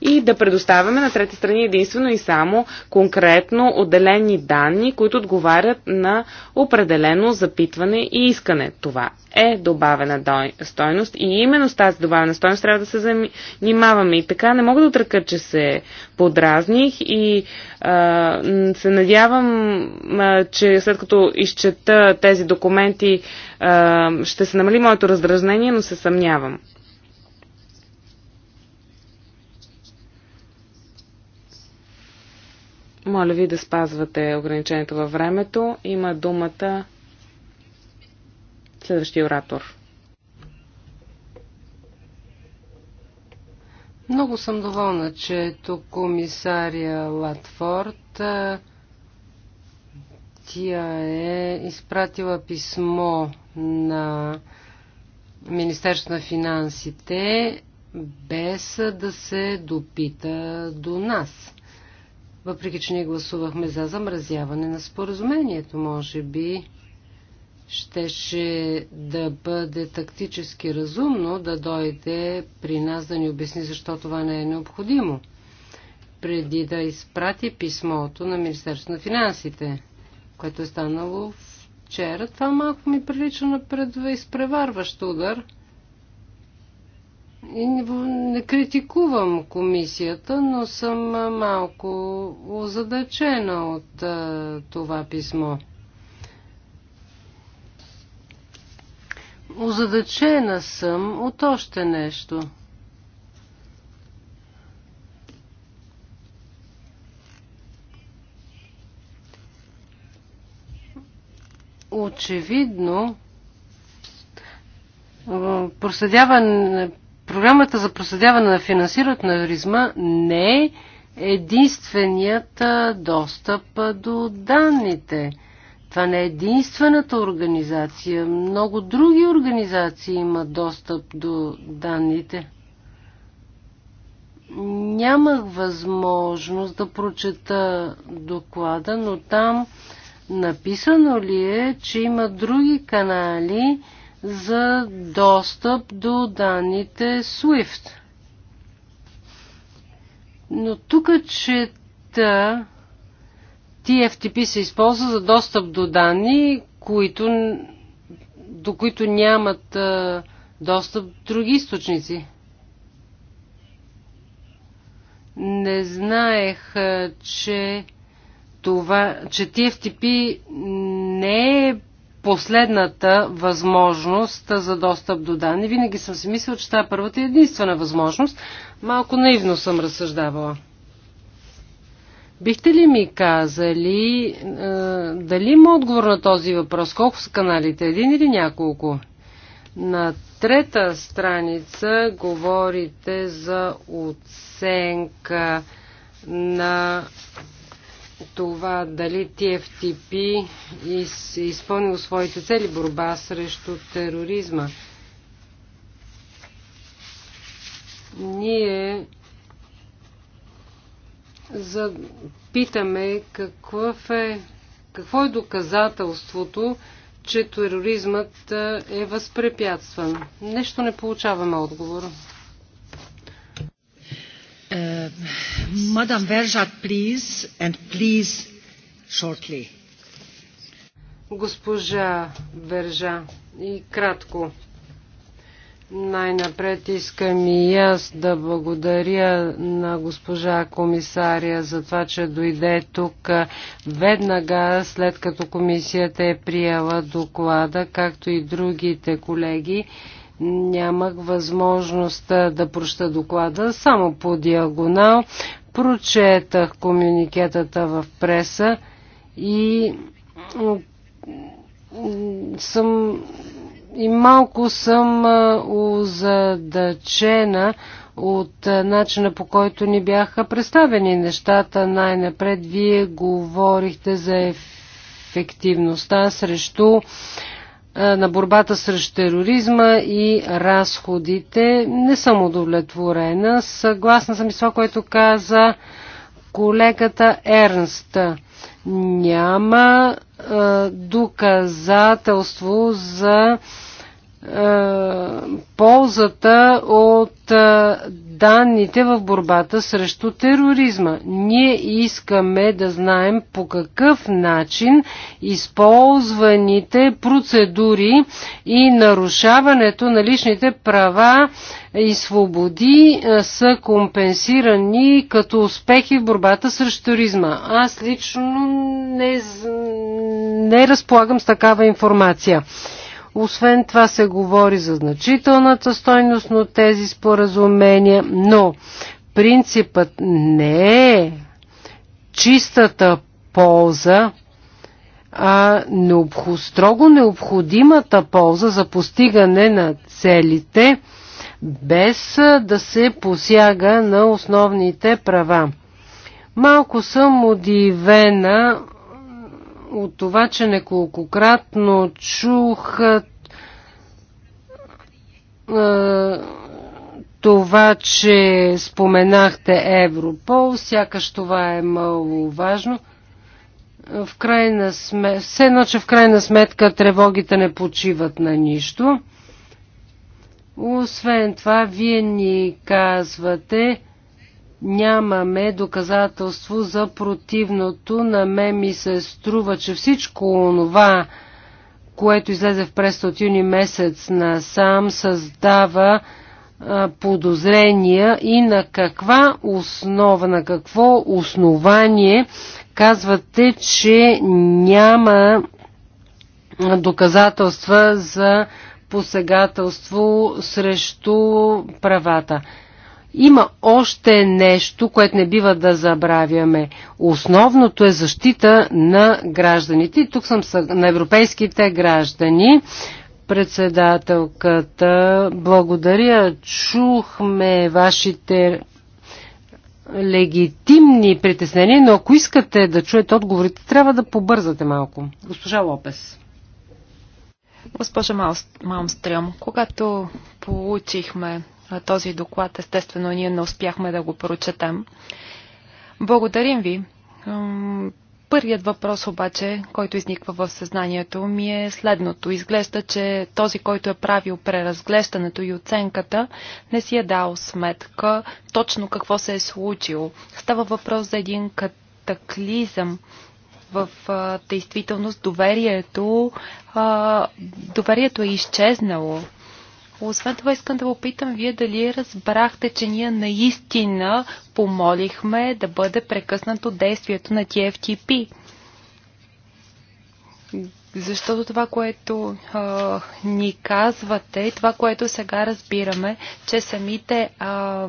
и да предоставяме на трети страни единствено и само конкретно отделени данни, които отговарят на определено запитване и искане. Това е добавена стойност и именно с тази добавена стойност трябва да се занимаваме. И така не мога да отръка, че се подразних и а, се надявам, а, че след като изчета тези документи а, ще се намали моето раздразнение, но се съмнявам. Моля ви да спазвате ограничението във времето. Има думата следващия оратор. Много съм доволна, че е тук комисария Латфорд тя е изпратила писмо на Министерство на финансите без да се допита до нас въпреки че ние гласувахме за замразяване на споразумението. Може би щеше да бъде тактически разумно да дойде при нас да ни обясни защо това не е необходимо, преди да изпрати писмото на Министерството на финансите, което е станало вчера. Това малко ми прилича на предва изпреварващ удар – и не критикувам комисията, но съм малко озадачена от това писмо. Озадачена съм от още нещо. Очевидно, проследяване, Програмата за проследяване на финансирането на туризма не е единственият достъп до данните. Това не е единствената организация. Много други организации имат достъп до данните. Нямах възможност да прочета доклада, но там написано ли е, че има други канали, за достъп до данните SWIFT. Но тук чета TFTP се използва за достъп до данни, които, до които нямат а, достъп други източници. Не знаех, че, това, че TFTP не е последната възможност за достъп до данни. Винаги съм си мислил, че това е първата и единствена възможност. Малко наивно съм разсъждавала. Бихте ли ми казали е, дали има отговор на този въпрос? Колко са каналите? Един или няколко? На трета страница говорите за оценка на това дали TFTP е изпълнил своите цели борба срещу тероризма. Ние запитаме питаме какво е, какво е доказателството, че тероризмът е възпрепятстван. Нещо не получаваме отговор. Uh, Madam Verjat, please, and please shortly. Госпожа Вержа, и кратко. Най-напред искам и аз да благодаря на госпожа комисария за това, че дойде тук веднага след като комисията е приела доклада, както и другите колеги. Нямах възможност да проща доклада само по диагонал. Прочетах комуникетата в преса и съм и малко съм озадачена от начина по който ни бяха представени нещата. Най-напред вие говорихте за ефективността срещу е, на борбата срещу тероризма и разходите. Не съм удовлетворена. Съгласна съм и с това, което каза колегата Ернст. Няма е, доказателство за е, е, ползата от е, данните в борбата срещу тероризма. Ние искаме да знаем по какъв начин използваните процедури и нарушаването на личните права и свободи е, са компенсирани като успехи в борбата срещу тероризма. Аз лично не, не разполагам с такава информация. Освен това се говори за значителната стойност на тези споразумения, но принципът не е чистата полза, а необхо, строго необходимата полза за постигане на целите, без да се посяга на основните права. Малко съм удивена от това, че неколкократно чух а, това, че споменахте Европол, сякаш това е малко важно. В крайна сметка, все едно, че в крайна сметка тревогите не почиват на нищо. Освен това, вие ни казвате, нямаме доказателство за противното. На мен ми се струва, че всичко това, което излезе в преста от юни месец на сам, създава подозрения и на каква основа, на какво основание казвате, че няма доказателства за посегателство срещу правата. Има още нещо, което не бива да забравяме. Основното е защита на гражданите. И тук съм на европейските граждани. Председателката, благодаря. Чухме вашите легитимни притеснения, но ако искате да чуете отговорите, трябва да побързате малко. Госпожа Лопес. Госпожа Малмстрем, когато получихме този доклад. Естествено, ние не успяхме да го прочетем. Благодарим ви. Първият въпрос обаче, който изниква в съзнанието ми е следното. Изглежда, че този, който е правил преразглеждането и оценката, не си е дал сметка точно какво се е случило. Става въпрос за един катаклизъм в а, действителност доверието, а, доверието е изчезнало. Освен това искам да попитам вие дали разбрахте, че ние наистина помолихме да бъде прекъснато действието на TFTP. Защото това, което а, ни казвате, това, което сега разбираме, че самите а,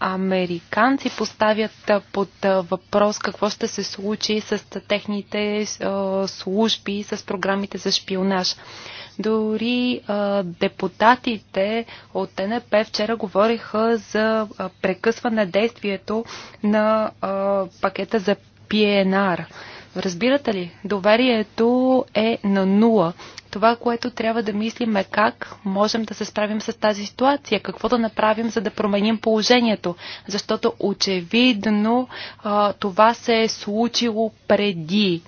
американци поставят а, под а, въпрос какво ще се случи с а, техните а, служби, с програмите за шпионаж. Дори а, депутатите от НП вчера говориха за а, прекъсване действието на а, пакета за ПНР. Разбирате ли? Доверието е на нула. Това, което трябва да мислим е как можем да се справим с тази ситуация, какво да направим, за да променим положението. Защото очевидно това се е случило преди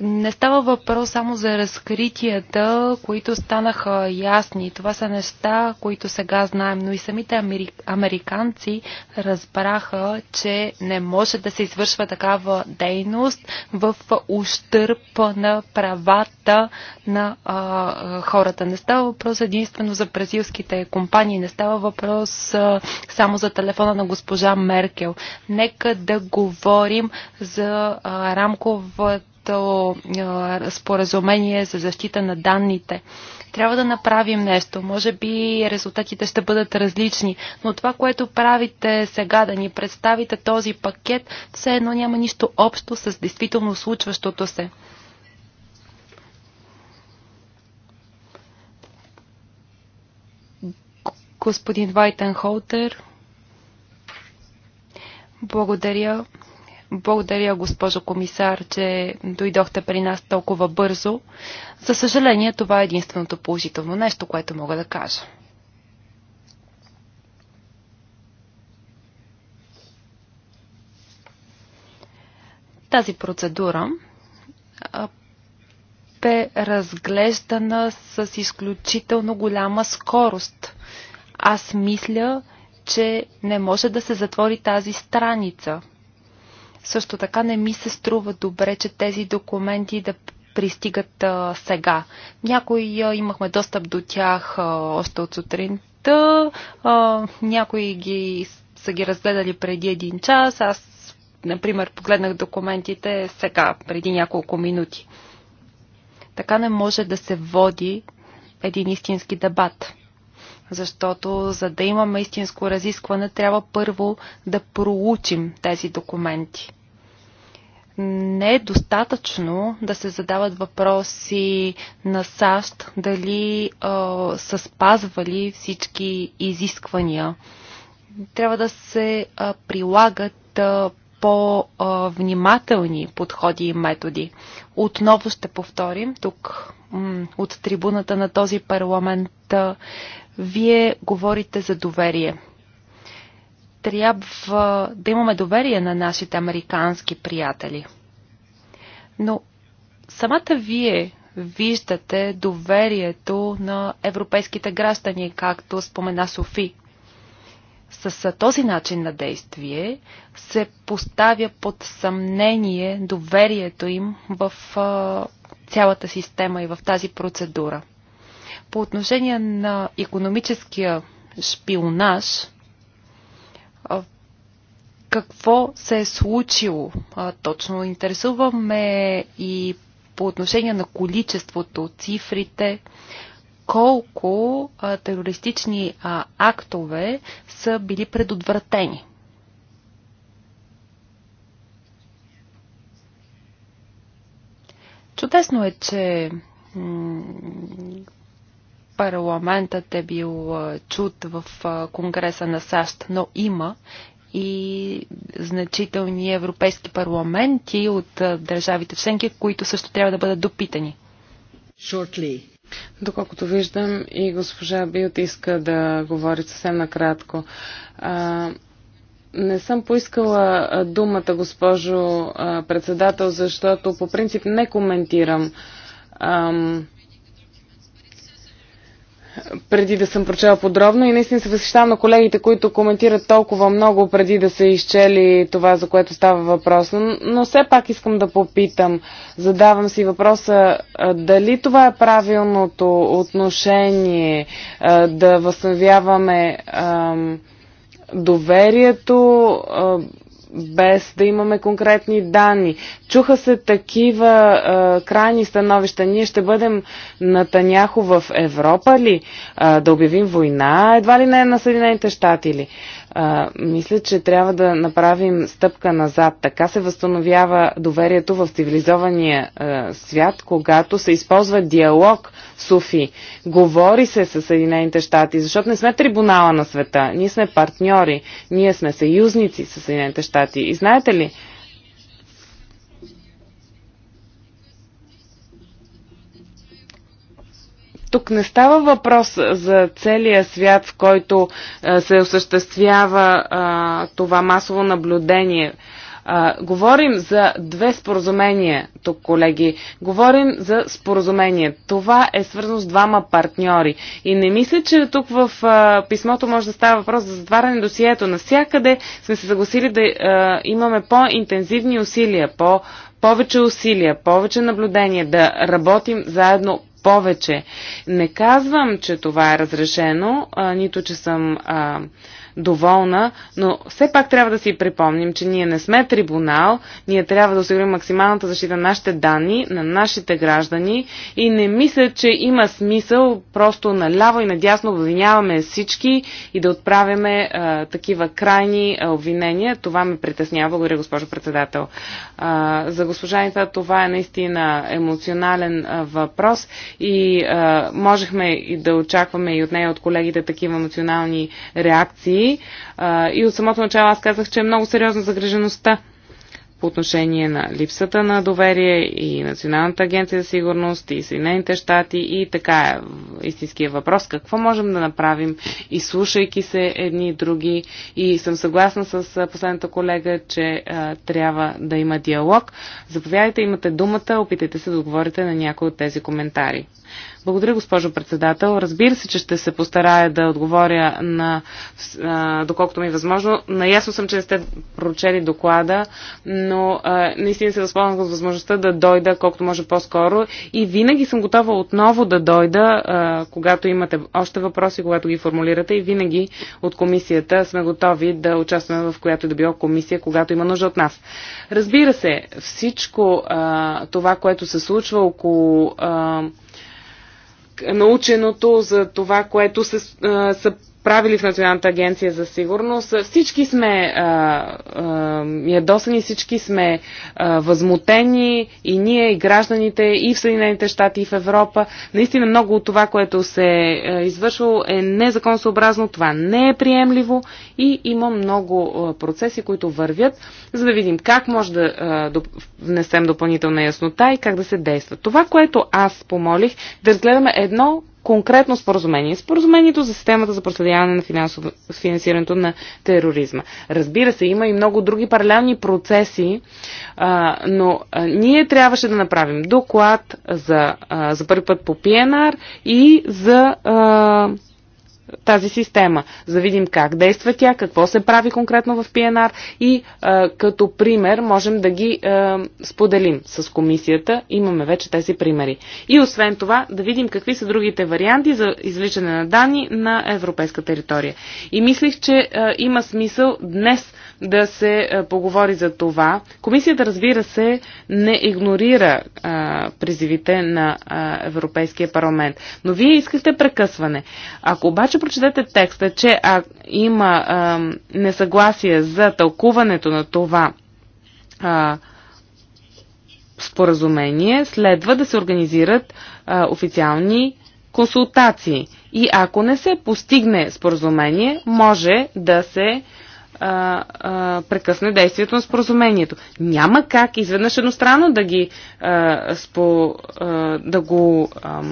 не става въпрос само за разкритията, които станаха ясни. Това са неща, които сега знаем, но и самите американци разбраха, че не може да се извършва такава дейност в ущърп на правата на а, хората. Не става въпрос единствено за бразилските компании, не става въпрос а, само за телефона на госпожа Меркел. Нека да говорим за а, рамковата Европейското е, споразумение за защита на данните. Трябва да направим нещо. Може би резултатите ще бъдат различни, но това, което правите сега, да ни представите този пакет, все едно няма нищо общо с действително случващото се. господин Вайтенхолтер. Благодаря. Благодаря, госпожо комисар, че дойдохте при нас толкова бързо. За съжаление, това е единственото положително нещо, което мога да кажа. Тази процедура бе разглеждана с изключително голяма скорост. Аз мисля, че не може да се затвори тази страница – също така не ми се струва добре, че тези документи да пристигат а, сега. Някои а, имахме достъп до тях а, още от сутринта, а, някои ги са ги разгледали преди един час. Аз, например, погледнах документите сега, преди няколко минути. Така не може да се води един истински дебат защото за да имаме истинско разискване, трябва първо да проучим тези документи. Не е достатъчно да се задават въпроси на САЩ дали а, са спазвали всички изисквания. Трябва да се а, прилагат а, по-внимателни подходи и методи. Отново ще повторим тук от трибуната на този парламент. Вие говорите за доверие. Трябва да имаме доверие на нашите американски приятели. Но самата вие виждате доверието на европейските граждани, както спомена Софи с този начин на действие се поставя под съмнение доверието им в цялата система и в тази процедура. По отношение на економическия шпионаж, какво се е случило точно? Интересуваме и по отношение на количеството, цифрите, колко а, терористични а, актове са били предотвратени. Чудесно е, че парламентът е бил чут в Конгреса на САЩ, но има и значителни европейски парламенти от държавите членки, които също трябва да бъдат допитани. Shortly. Доколкото виждам и госпожа Билт иска да говори съвсем накратко. А, не съм поискала думата, госпожо а, председател, защото по принцип не коментирам А, преди да съм прочела подробно и наистина се възхищавам на колегите, които коментират толкова много преди да се изчели това, за което става въпрос. Но, но все пак искам да попитам, задавам си въпроса дали това е правилното отношение да възстановяваме доверието, без да имаме конкретни данни. Чуха се такива а, крайни становища. Ние ще бъдем на Таняхо в Европа ли? А, да обявим война? Едва ли не е на Съединените щати ли? а, мисля, че трябва да направим стъпка назад. Така се възстановява доверието в цивилизования а, свят, когато се използва диалог, Суфи. Говори се с Съединените щати, защото не сме трибунала на света. Ние сме партньори, ние сме съюзници с Съединените щати. И знаете ли, Тук не става въпрос за целия свят, в който се осъществява това масово наблюдение. говорим за две споразумения тук, колеги. Говорим за споразумение. Това е свързано с двама партньори. И не мисля, че тук в писмото може да става въпрос за затваряне досието. Насякъде сме се съгласили да имаме по-интензивни усилия, по повече усилия, повече наблюдение, да работим заедно повече. Не казвам, че това е разрешено, а, нито че съм а, доволна, но все пак трябва да си припомним, че ние не сме трибунал, ние трябва да осигурим максималната защита на нашите данни, на нашите граждани и не мисля, че има смисъл просто наляво и надясно обвиняваме всички и да отправяме а, такива крайни обвинения. Това ме притеснява. Благодаря, госпожо председател. А, за госпожа Инта това е наистина емоционален а, въпрос и а, можехме и да очакваме и от нея, от колегите такива емоционални реакции, цели. А, и от самото начало аз казах, че е много сериозна загрежеността по отношение на липсата на доверие и Националната агенция за сигурност и Съединените щати и така е истинския въпрос. Какво можем да направим и слушайки се едни и други и съм съгласна с последната колега, че а, трябва да има диалог. Заповядайте, имате думата, опитайте се да отговорите на някои от тези коментари. Благодаря, госпожо председател. Разбира се, че ще се постарая да отговоря на, доколкото ми е възможно. Наясно съм, че не сте прочели доклада, но наистина се възползвам от възможността да дойда колкото може по-скоро и винаги съм готова отново да дойда, когато имате още въпроси, когато ги формулирате и винаги от комисията сме готови да участваме в която и да било комисия, когато има нужда от нас. Разбира се, всичко това, което се случва около наученото, за това, което се, са правили в Националната агенция за сигурност. Всички сме а, а, ядосани, е всички сме а, възмутени и ние, и гражданите, и в Съединените щати, и в Европа. Наистина много от това, което се е извършило е незаконсообразно, това не е приемливо и има много процеси, които вървят, за да видим как може да а, доп... внесем допълнителна яснота и как да се действа. Това, което аз помолих, да разгледаме едно конкретно споразумение. Споразумението за системата за проследяване на финансирането на тероризма. Разбира се, има и много други паралелни процеси, а, но а, ние трябваше да направим доклад за, а, за първи път по ПНР и за. А, тази система, за да видим как действа тя, какво се прави конкретно в ПНР и а, като пример можем да ги а, споделим с комисията. Имаме вече тези примери. И освен това да видим какви са другите варианти за извличане на данни на европейска територия. И мислих, че а, има смисъл днес да се е, поговори за това. Комисията, разбира се, не игнорира а, е, призивите на а, е, Европейския парламент. Но вие искате прекъсване. Ако обаче прочетете текста, че а, има а, несъгласие за тълкуването на това, а, споразумение, следва да се организират а, официални консултации. И ако не се постигне споразумение, може да се а, а, прекъсне действието на споразумението. Няма как изведнъж едностранно да ги а, спо, а, да го а,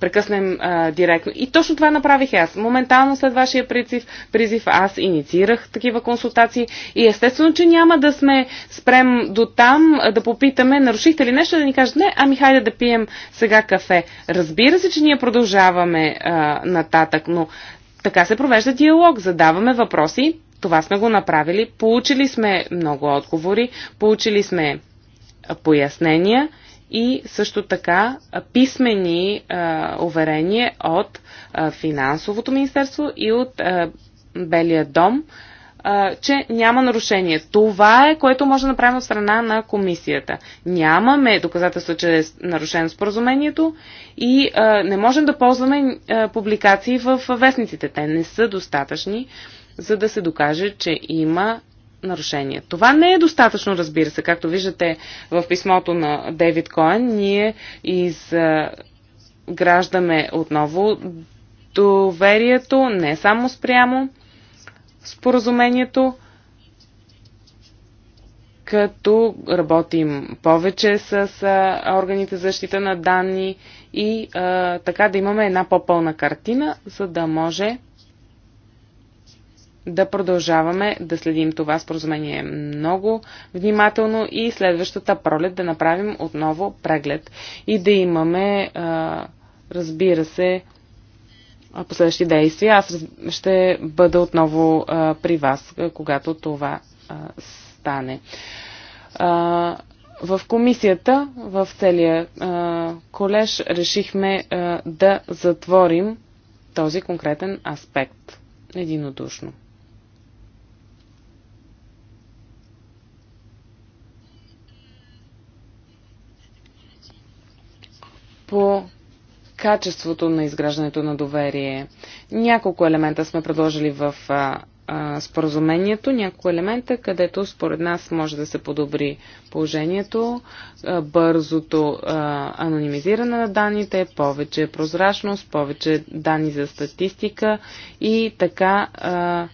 прекъснем а, директно. И точно това направих аз. Моментално след вашия призив, призив аз инициирах такива консултации и естествено, че няма да сме спрем до там да попитаме нарушихте ли нещо, да ни кажат не, ами хайде да пием сега кафе. Разбира се, че ние продължаваме а, нататък, но така се провежда диалог. Задаваме въпроси, това сме го направили. Получили сме много отговори, получили сме пояснения и също така писмени а, уверения от а, Финансовото министерство и от а, Белия дом, а, че няма нарушение. Това е което може да направим от страна на комисията. Нямаме доказателство, че е нарушено споразумението и а, не можем да ползваме а, публикации в вестниците. Те не са достатъчни за да се докаже, че има нарушение. Това не е достатъчно, разбира се. Както виждате в писмото на Дейвид Коен, ние изграждаме отново доверието, не само спрямо споразумението, като работим повече с а, органите за защита на данни и а, така да имаме една по-пълна картина, за да може да продължаваме да следим това споразумение много внимателно и следващата пролет да направим отново преглед и да имаме, разбира се, последващи действия. Аз ще бъда отново при вас, когато това стане. В комисията, в целия колеж, решихме да затворим този конкретен аспект единодушно. по качеството на изграждането на доверие. Няколко елемента сме предложили в а, а, споразумението, няколко елемента, където според нас може да се подобри положението, а, бързото а, анонимизиране на данните, повече прозрачност, повече данни за статистика и така а,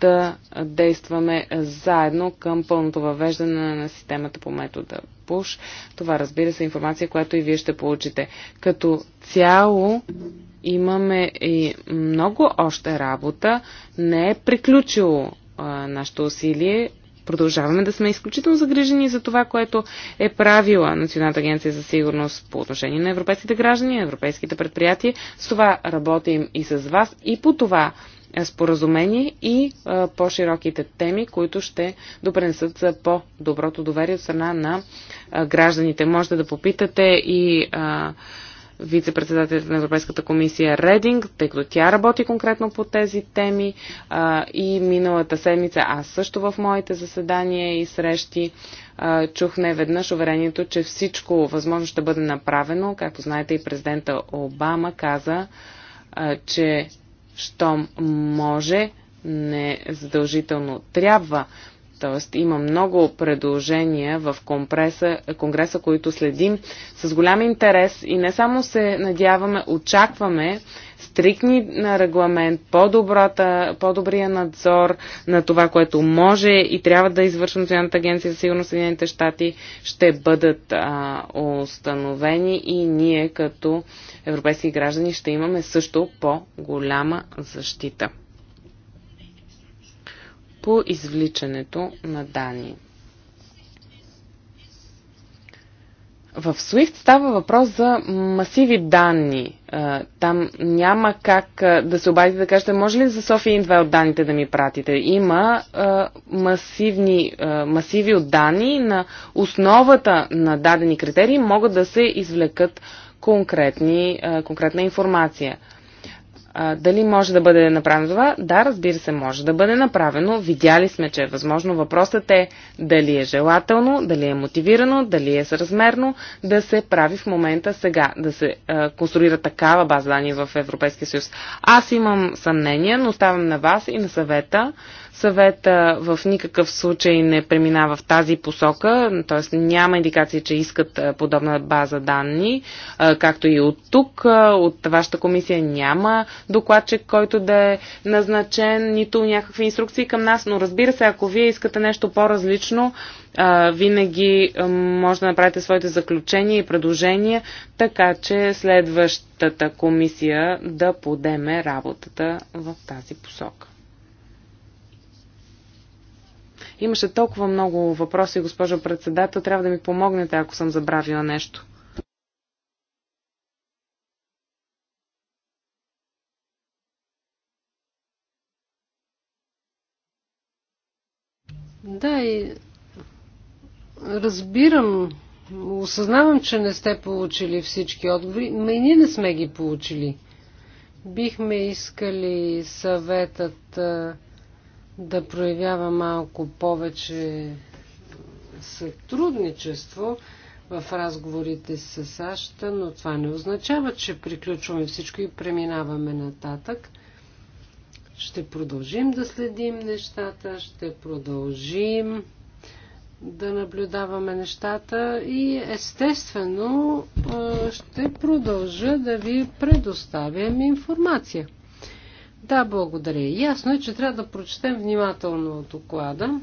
да действаме заедно към пълното въвеждане на системата по метода Push. Това разбира се е информация, която и вие ще получите. Като цяло имаме и много още работа. Не е приключило а, нашето усилие. Продължаваме да сме изключително загрижени за това, което е правила Националната агенция за сигурност по отношение на европейските граждани, европейските предприятия. С това работим и с вас и по това е, споразумение и е, по-широките теми, които ще допренесат за по-доброто доверие от страна на е, гражданите. Можете да попитате и вице-председателят на Европейската комисия Рединг, тъй като тя работи конкретно по тези теми а, и миналата седмица аз също в моите заседания и срещи а, чух не веднъж уверението, че всичко възможно ще бъде направено. Както знаете и президента Обама каза, а, че щом може, не задължително трябва Тоест има много предложения в компреса, Конгреса, които следим с голям интерес и не само се надяваме, очакваме стрикни на регламент, по-добрата, по-добрия надзор на това, което може и трябва да извършва Националната агенция за сигурност Съединените щати, ще бъдат а, установени и ние като европейски граждани ще имаме също по-голяма защита по извличането на данни. В SWIFT става въпрос за масиви данни. Там няма как да се обадите да кажете, може ли за София Ин 2 от данните да ми пратите? Има масивни, масиви от данни на основата на дадени критерии могат да се извлекат конкретни, конкретна информация. А, дали може да бъде направено това? Да, разбира се, може да бъде направено. Видяли сме, че е възможно. Въпросът е дали е желателно, дали е мотивирано, дали е съразмерно да се прави в момента сега, да се а, конструира такава база данни в Европейския съюз. Аз имам съмнение, но оставам на вас и на съвета Съвета в никакъв случай не преминава в тази посока, т.е. няма индикации, че искат подобна база данни, както и от тук, от вашата комисия няма докладчик, който да е назначен, нито някакви инструкции към нас, но разбира се, ако вие искате нещо по-различно, винаги може да направите своите заключения и предложения, така че следващата комисия да подеме работата в тази посока. Имаше толкова много въпроси, госпожо председател, трябва да ми помогнете, ако съм забравила нещо. Да, и разбирам, осъзнавам, че не сте получили всички отговори, но и ние не сме ги получили. Бихме искали съветът да проявява малко повече сътрудничество в разговорите с САЩ, но това не означава, че приключваме всичко и преминаваме нататък. Ще продължим да следим нещата, ще продължим да наблюдаваме нещата и естествено ще продължа да ви предоставям информация. Да, благодаря. Ясно е, че трябва да прочетем внимателно доклада.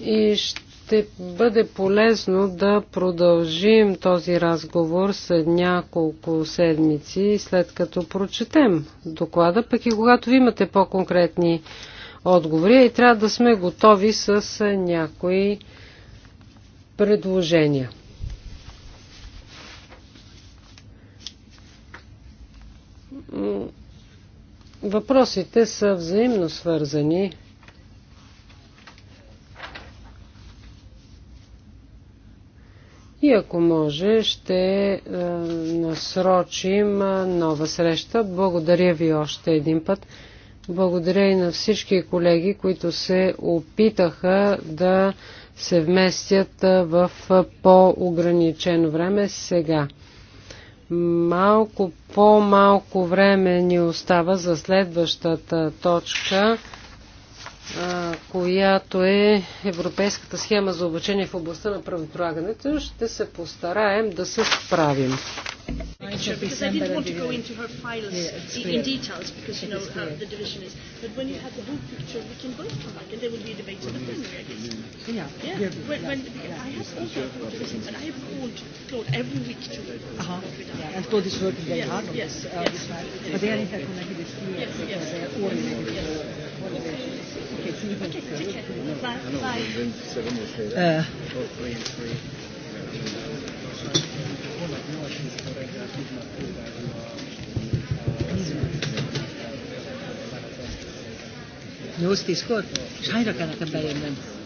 И ще бъде полезно да продължим този разговор след няколко седмици, след като прочетем доклада, пък и когато имате по-конкретни отговори и трябва да сме готови с някои предложения. Въпросите са взаимно свързани. И ако може, ще е, насрочим е, нова среща. Благодаря ви още един път. Благодаря и на всички колеги, които се опитаха да се вместят е, в по-ограничено време сега. Малко по-малко време ни остава за следващата точка която е Европейската схема за обучение в областта на правоприлагането, ще се постараем да се справим. Yes, yes. Uh, Uh, tízkor? És hányra kell nekem bejönnöm?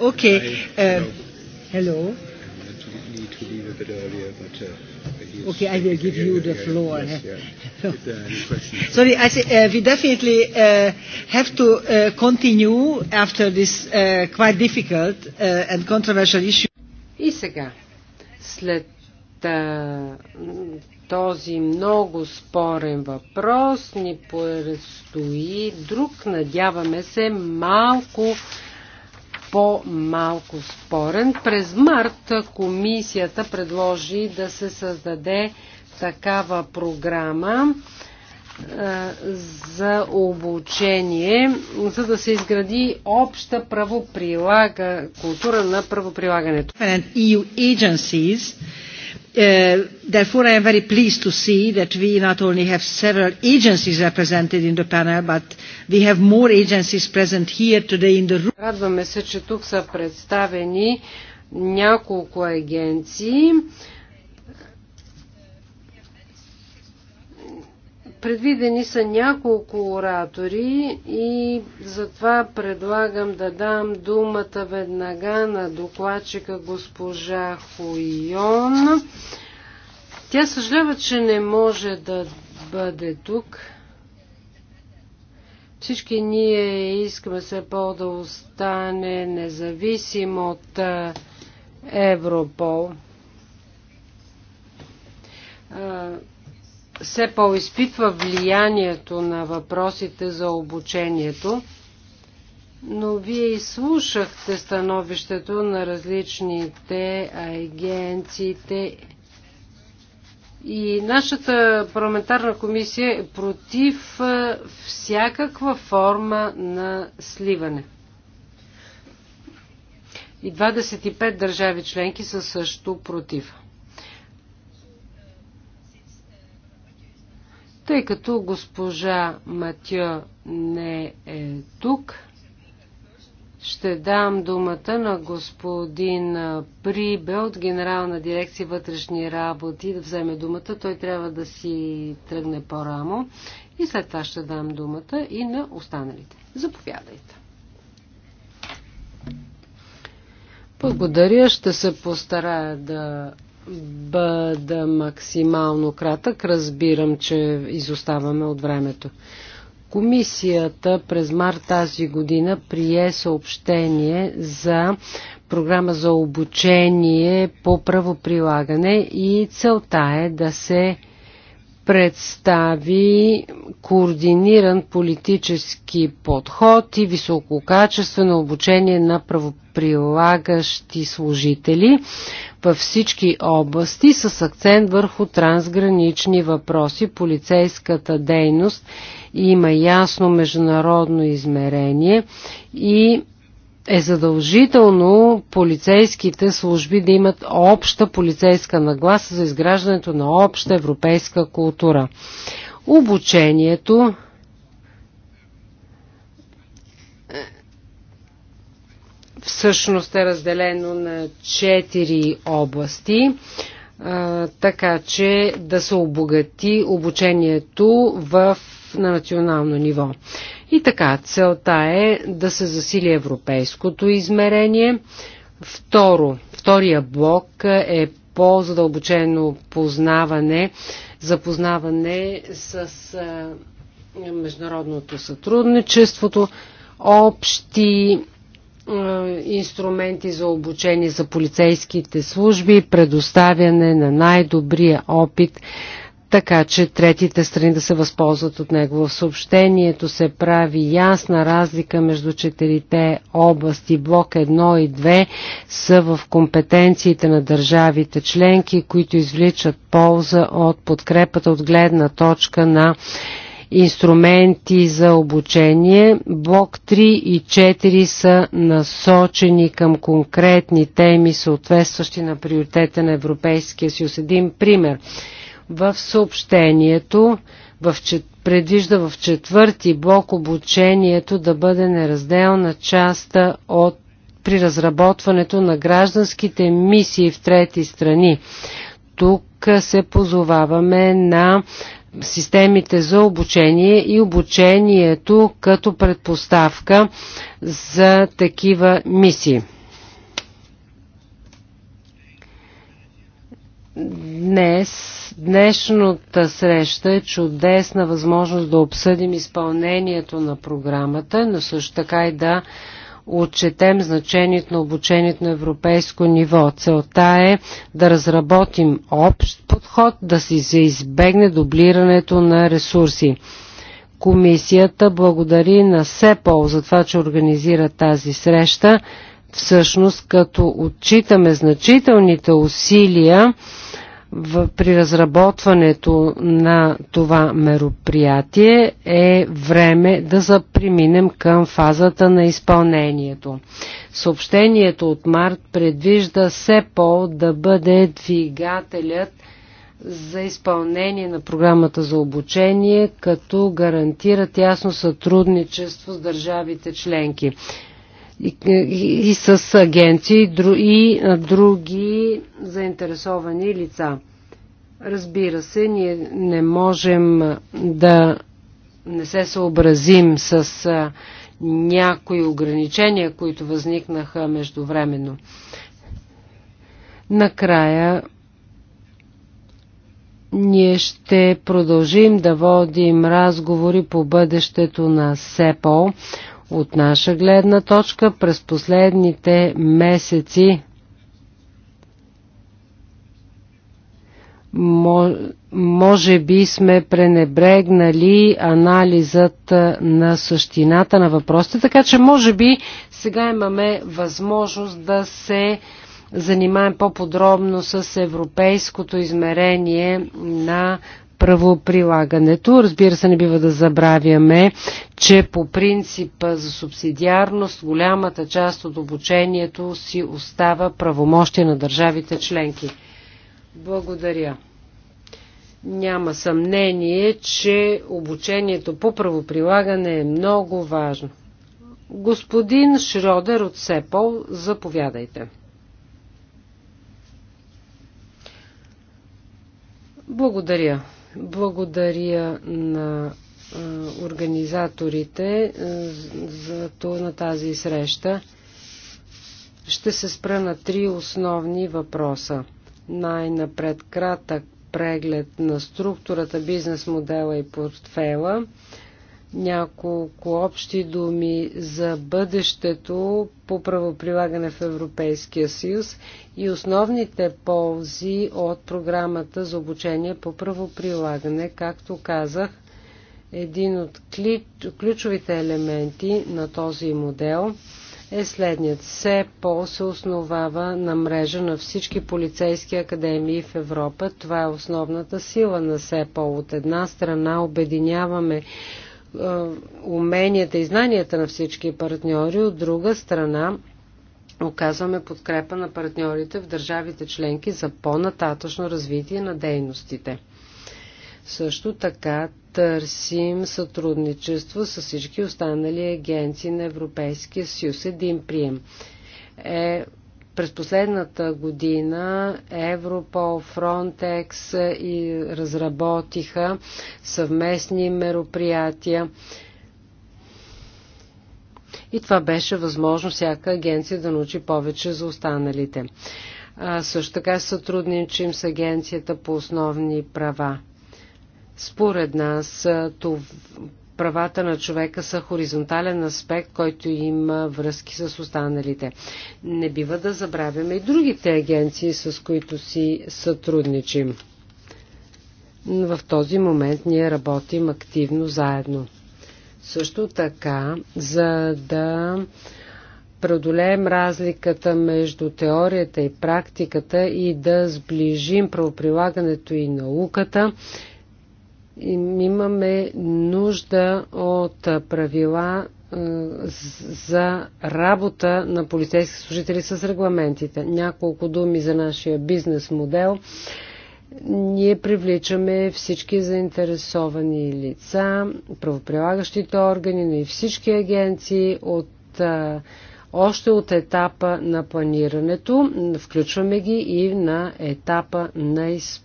Okay. uh, hello. Need to leave a bit earlier, but. Uh, okay, I will give you the floor. Yes, yeah. Sorry, I say, uh, we definitely uh, have to uh, continue after this uh, quite difficult uh, and controversial issue. И сега, след uh, този много спорен въпрос, ни предстои друг, надяваме се, малко uh, по-малко спорен. През март комисията предложи да се създаде такава програма за обучение, за да се изгради обща правоприлага, култура на правоприлагането. Therefore, I am very pleased to see that we not only have several agencies represented in the panel, but we have more agencies present here today in the room. Радваме се, че тук са представени няколко агенции. Предвидени са няколко оратори и затова предлагам да дам думата веднага на докладчика госпожа Хуйон. Тя съжалява, че не може да бъде тук. Всички ние искаме се по да остане независим от Европол все по-изпитва влиянието на въпросите за обучението, но вие изслушахте становището на различните агенциите и нашата парламентарна комисия е против всякаква форма на сливане. И 25 държави членки са също против. Тъй като госпожа Матьо не е тук, ще дам думата на господин Прибе от Генерална дирекция вътрешни работи да вземе думата. Той трябва да си тръгне по-рамо и след това ще дам думата и на останалите. Заповядайте. Благодаря, ще се постарая да бъда максимално кратък. Разбирам, че изоставаме от времето. Комисията през март тази година прие съобщение за програма за обучение по правоприлагане и целта е да се представи координиран политически подход и висококачествено обучение на правоприлагащи служители във всички области с акцент върху трансгранични въпроси. Полицейската дейност има ясно международно измерение и е задължително полицейските служби да имат обща полицейска нагласа за изграждането на обща европейска култура. Обучението е, всъщност е разделено на четири области, е, така че да се обогати обучението в, на национално ниво. И така, целта е да се засили европейското измерение. Второ, втория блок е по-задълбочено познаване, запознаване с международното сътрудничеството, общи инструменти за обучение за полицейските служби, предоставяне на най-добрия опит така че третите страни да се възползват от него. В съобщението се прави ясна разлика между четирите области. Блок 1 и 2 са в компетенциите на държавите членки, които извличат полза от подкрепата от гледна точка на инструменти за обучение. Блок 3 и 4 са насочени към конкретни теми, съответстващи на приоритета на Европейския съюз. Един пример – в съобщението в чет... предвижда в четвърти блок обучението да бъде неразделна част от при разработването на гражданските мисии в трети страни. Тук се позоваваме на системите за обучение и обучението като предпоставка за такива мисии. Днес Днешната среща е чудесна възможност да обсъдим изпълнението на програмата, но също така и да отчетем значението на обучението на европейско ниво. Целта е да разработим общ подход, да си се избегне дублирането на ресурси. Комисията благодари на СЕПОЛ за това, че организира тази среща. Всъщност, като отчитаме значителните усилия, в, при разработването на това мероприятие е време да запреминем към фазата на изпълнението. Съобщението от март предвижда СЕПО да бъде двигателят за изпълнение на програмата за обучение, като гарантират ясно сътрудничество с държавите членки и, и, и с агенции и други заинтересовани лица. Разбира се, ние не можем да не се съобразим с някои ограничения, които възникнаха междувременно. Накрая ние ще продължим да водим разговори по бъдещето на СЕПО, от наша гледна точка през последните месеци може би сме пренебрегнали анализът на същината на въпросите, така че може би сега имаме възможност да се занимаем по-подробно с европейското измерение на правоприлагането. Разбира се, не бива да забравяме, че по принципа за субсидиарност голямата част от обучението си остава правомощие на държавите членки. Благодаря. Няма съмнение, че обучението по правоприлагане е много важно. Господин Шродер от Сепол, заповядайте. Благодаря, благодаря на организаторите за на тази среща. Ще се спра на три основни въпроса. Най-напред кратък преглед на структурата, бизнес модела и портфела няколко общи думи за бъдещето по правоприлагане в Европейския съюз и основните ползи от програмата за обучение по правоприлагане. Както казах, един от ключовите елементи на този модел е следният. СЕПО се основава на мрежа на всички полицейски академии в Европа. Това е основната сила на СЕПО. От една страна обединяваме е, уменията и знанията на всички партньори, от друга страна оказваме подкрепа на партньорите в държавите членки за по-нататъчно развитие на дейностите. Също така търсим сътрудничество с всички останали агенции на Европейския съюз. Един прием е през последната година Европол, Фронтекс и разработиха съвместни мероприятия. И това беше възможно всяка агенция да научи повече за останалите. А, също така сътрудничим с Агенцията по основни права. Според нас това правата на човека са хоризонтален аспект, който има връзки с останалите. Не бива да забравяме и другите агенции, с които си сътрудничим. В този момент ние работим активно заедно. Също така, за да преодолеем разликата между теорията и практиката и да сближим правоприлагането и науката, имаме нужда от правила за работа на полицейски служители с регламентите. Няколко думи за нашия бизнес модел. Ние привличаме всички заинтересовани лица, правоприлагащите органи, но и всички агенции от, още от етапа на планирането. Включваме ги и на етапа на изпълнението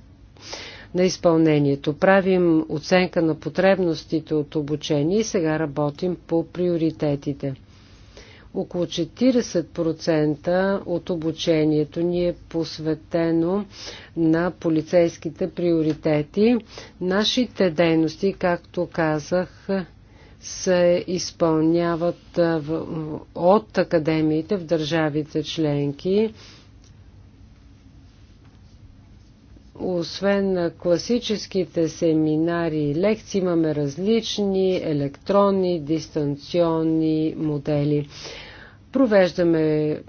на изпълнението. Правим оценка на потребностите от обучение и сега работим по приоритетите. Около 40% от обучението ни е посветено на полицейските приоритети. Нашите дейности, както казах, се изпълняват от академиите в държавите членки. Освен класическите семинари и лекции, имаме различни електронни, дистанционни модели. Провеждаме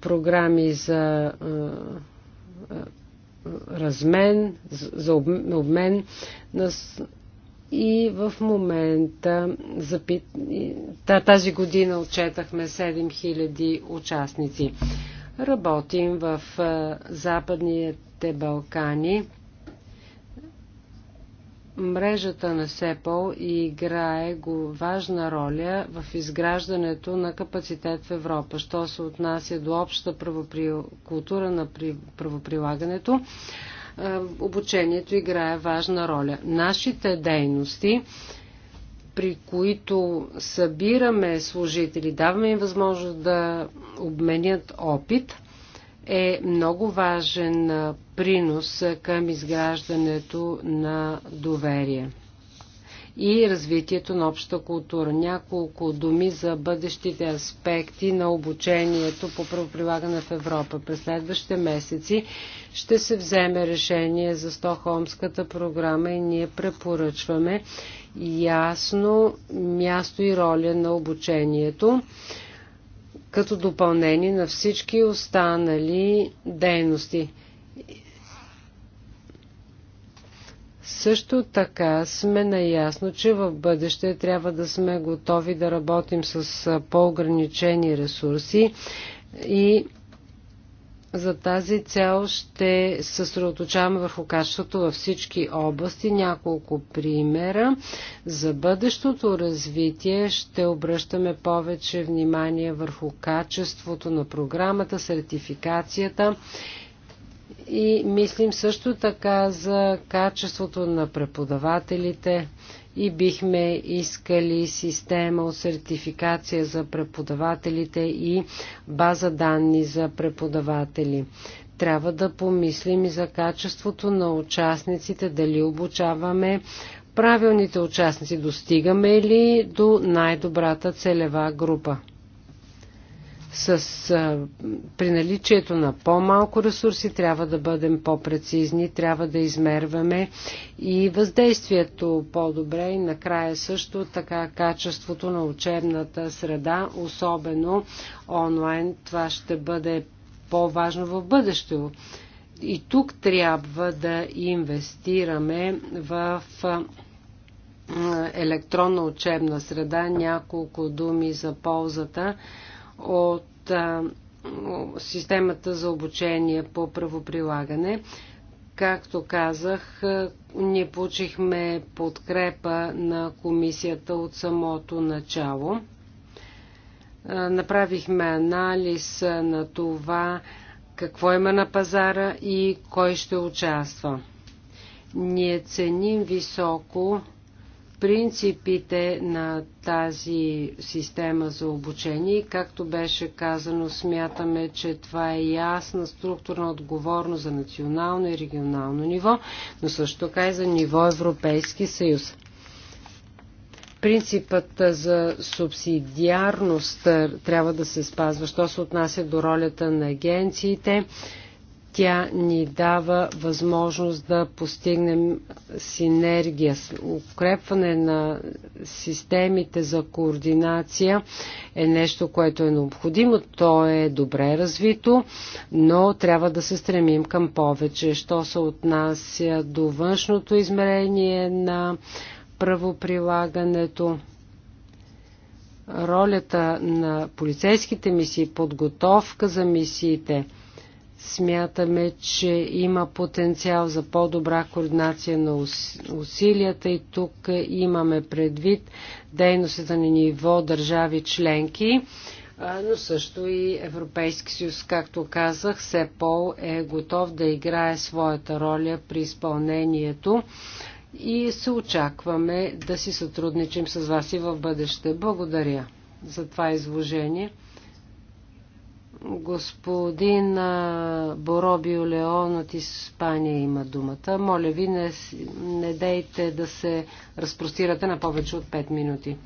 програми за размен, за обмен на и в момента тази година отчетахме 7000 участници. Работим в западния Западните Балкани. Мрежата на СЕПОЛ играе го важна роля в изграждането на капацитет в Европа, що се отнася до общата правопри... култура на при... правоприлагането. Обучението играе важна роля. Нашите дейности при които събираме служители, даваме им възможност да обменят опит – е много важен принос към изграждането на доверие и развитието на обща култура. Няколко думи за бъдещите аспекти на обучението по правоприлагане в Европа. През следващите месеци ще се вземе решение за Стохолмската програма и ние препоръчваме ясно място и роля на обучението като допълнение на всички останали дейности. Също така сме наясно, че в бъдеще трябва да сме готови да работим с по-ограничени ресурси и за тази цел ще съсредоточаваме върху качеството във всички области. Няколко примера. За бъдещото развитие ще обръщаме повече внимание върху качеството на програмата, сертификацията и мислим също така за качеството на преподавателите, и бихме искали система от сертификация за преподавателите и база данни за преподаватели. Трябва да помислим и за качеството на участниците, дали обучаваме правилните участници, достигаме ли до най-добрата целева група с, при наличието на по-малко ресурси трябва да бъдем по-прецизни, трябва да измерваме и въздействието по-добре и накрая също така качеството на учебната среда, особено онлайн. Това ще бъде по-важно в бъдещето. И тук трябва да инвестираме в електронна учебна среда. Няколко думи за ползата от а, системата за обучение по правоприлагане. Както казах, ние получихме подкрепа на комисията от самото начало. Направихме анализ на това какво има на пазара и кой ще участва. Ние ценим високо принципите на тази система за обучение. Както беше казано, смятаме, че това е ясна структурна отговорност за национално и регионално ниво, но също така и за ниво Европейски съюз. Принципът за субсидиарност е, трябва да се спазва, що се отнася до ролята на агенциите. Тя ни дава възможност да постигнем синергия, укрепване на системите за координация е нещо, което е необходимо. То е добре развито, но трябва да се стремим към повече. Що се отнася до външното измерение на правоприлагането, ролята на полицейските мисии, подготовка за мисиите – Смятаме, че има потенциал за по-добра координация на усилията и тук имаме предвид дейностите на ниво държави членки, но също и Европейски съюз. Както казах, СЕПОЛ е готов да играе своята роля при изпълнението и се очакваме да си сътрудничим с вас и в бъдеще. Благодаря за това изложение. Господин Боробио Леон от Испания има думата. Моля ви, не, не дейте да се разпростирате на повече от 5 минути.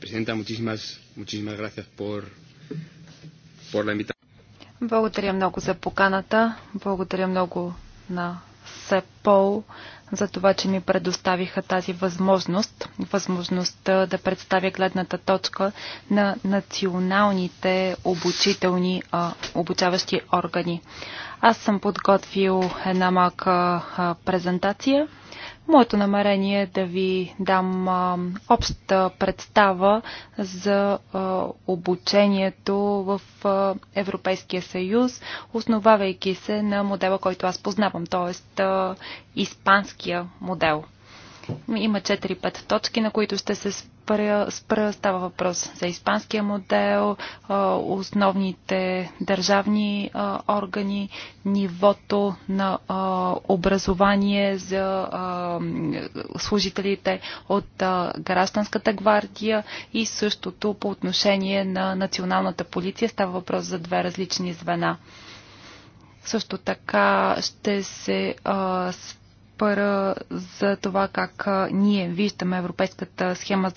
Президента, muchísimas, muchísimas gracias por, por la invitación. Благодаря много за поканата. Благодаря много на Сепол за това, че ми предоставиха тази възможност, възможността да представя гледната точка на националните обучителни а, обучаващи органи. Аз съм подготвил една малка а, презентация. Моето намерение е да ви дам а, обща представа за а, обучението в а, Европейския съюз, основавайки се на модела, който аз познавам, т.е. испанския модел. Има 4-5 точки, на които ще се спра, спра. Става въпрос за испанския модел, основните държавни органи, нивото на образование за служителите от гражданската гвардия и същото по отношение на националната полиция. Става въпрос за две различни звена. Също така ще се а, пара за това как ние виждаме европейската схема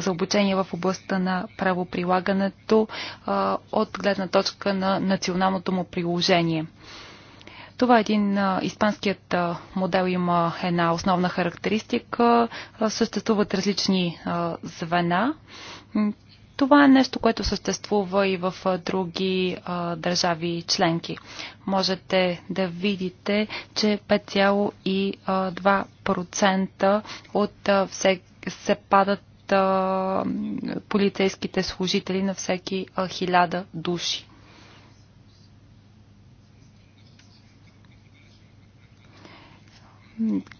за обучение в областта на правоприлагането от гледна точка на националното му приложение. Това е един испанският модел има една основна характеристика. Съществуват различни звена. Това е нещо, което съществува и в други а, държави членки. Можете да видите, че 5,2% от а, все, се падат а, полицейските служители на всеки а, 1000 души.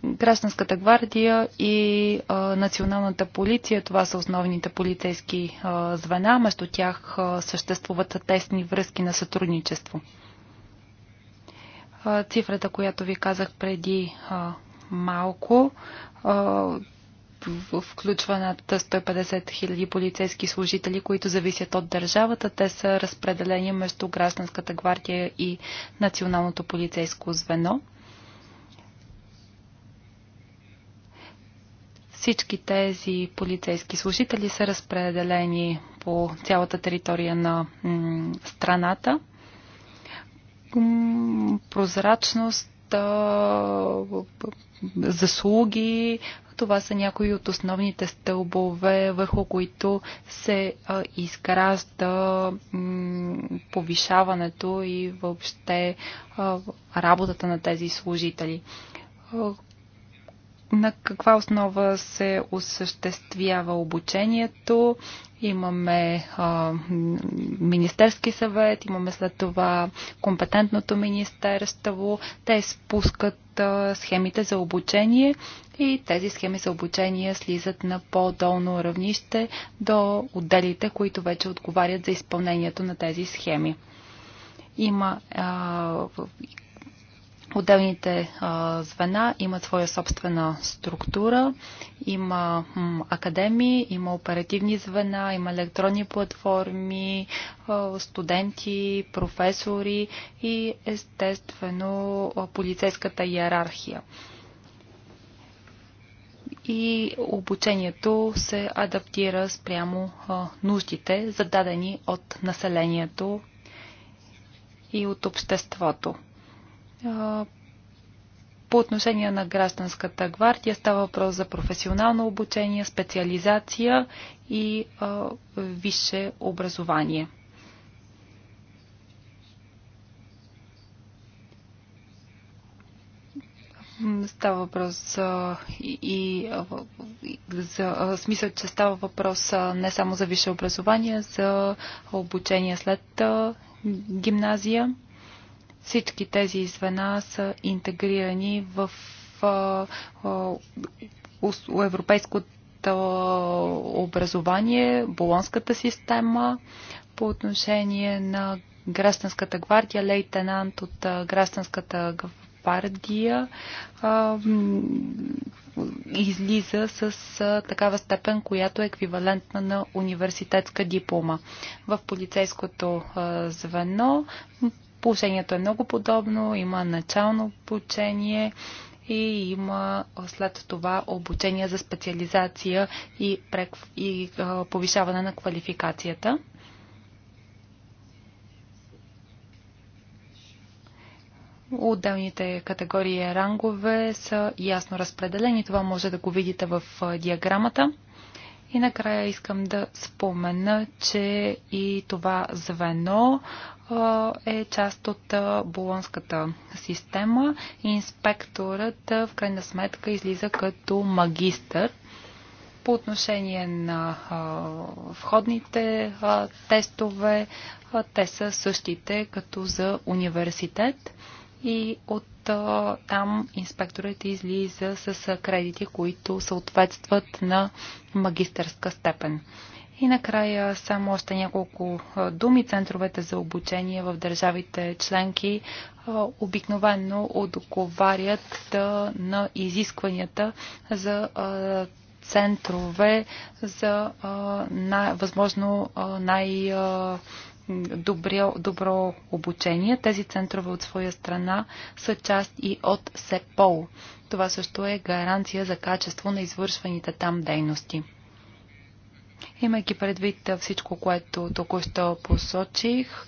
Гражданската гвардия и а, националната полиция, това са основните полицейски а, звена. Между тях а, съществуват тесни връзки на сътрудничество. А, цифрата, която ви казах преди а, малко, а, включва над 150 хиляди полицейски служители, които зависят от държавата. Те са разпределени между Гражданската гвардия и Националното полицейско звено. Всички тези полицейски служители са разпределени по цялата територия на страната. Прозрачност, заслуги, това са някои от основните стълбове, върху които се изгражда повишаването и въобще работата на тези служители на каква основа се осъществява обучението. Имаме а, Министерски съвет, имаме след това компетентното министерство. Те спускат а, схемите за обучение и тези схеми за обучение слизат на по-долно равнище до отделите, които вече отговарят за изпълнението на тези схеми. Има а, Отделните а, звена имат своя собствена структура, има м, академии, има оперативни звена, има електронни платформи, а, студенти, професори и естествено а, полицейската иерархия. И обучението се адаптира спрямо а, нуждите, зададени от населението и от обществото. По отношение на гражданската гвардия става въпрос за професионално обучение, специализация и висше образование. Става въпрос а, и, и за а, смисъл, че става въпрос а, не само за висше образование, за обучение след а, гимназия. Всички тези звена са интегрирани в европейското образование, болонската система по отношение на гражданската гвардия, лейтенант от гражданската гвардия излиза с такава степен, която е еквивалентна на университетска диплома. В полицейското звено Положението е много подобно, има начално обучение и има след това обучение за специализация и, прек... и а, повишаване на квалификацията. Отделните категории рангове са ясно разпределени. Това може да го видите в диаграмата. И накрая искам да спомена, че и това звено е част от болонската система. Инспекторът в крайна сметка излиза като магистър по отношение на входните тестове. Те са същите като за университет и от там инспекторите излиза с кредити, които съответстват на магистърска степен. И накрая само още няколко думи. Центровете за обучение в държавите членки обикновено отговарят на изискванията за центрове за най- възможно най- добро, добро обучение. Тези центрове от своя страна са част и от СЕПОЛ. Това също е гаранция за качество на извършваните там дейности. Имайки предвид всичко, което току-що посочих,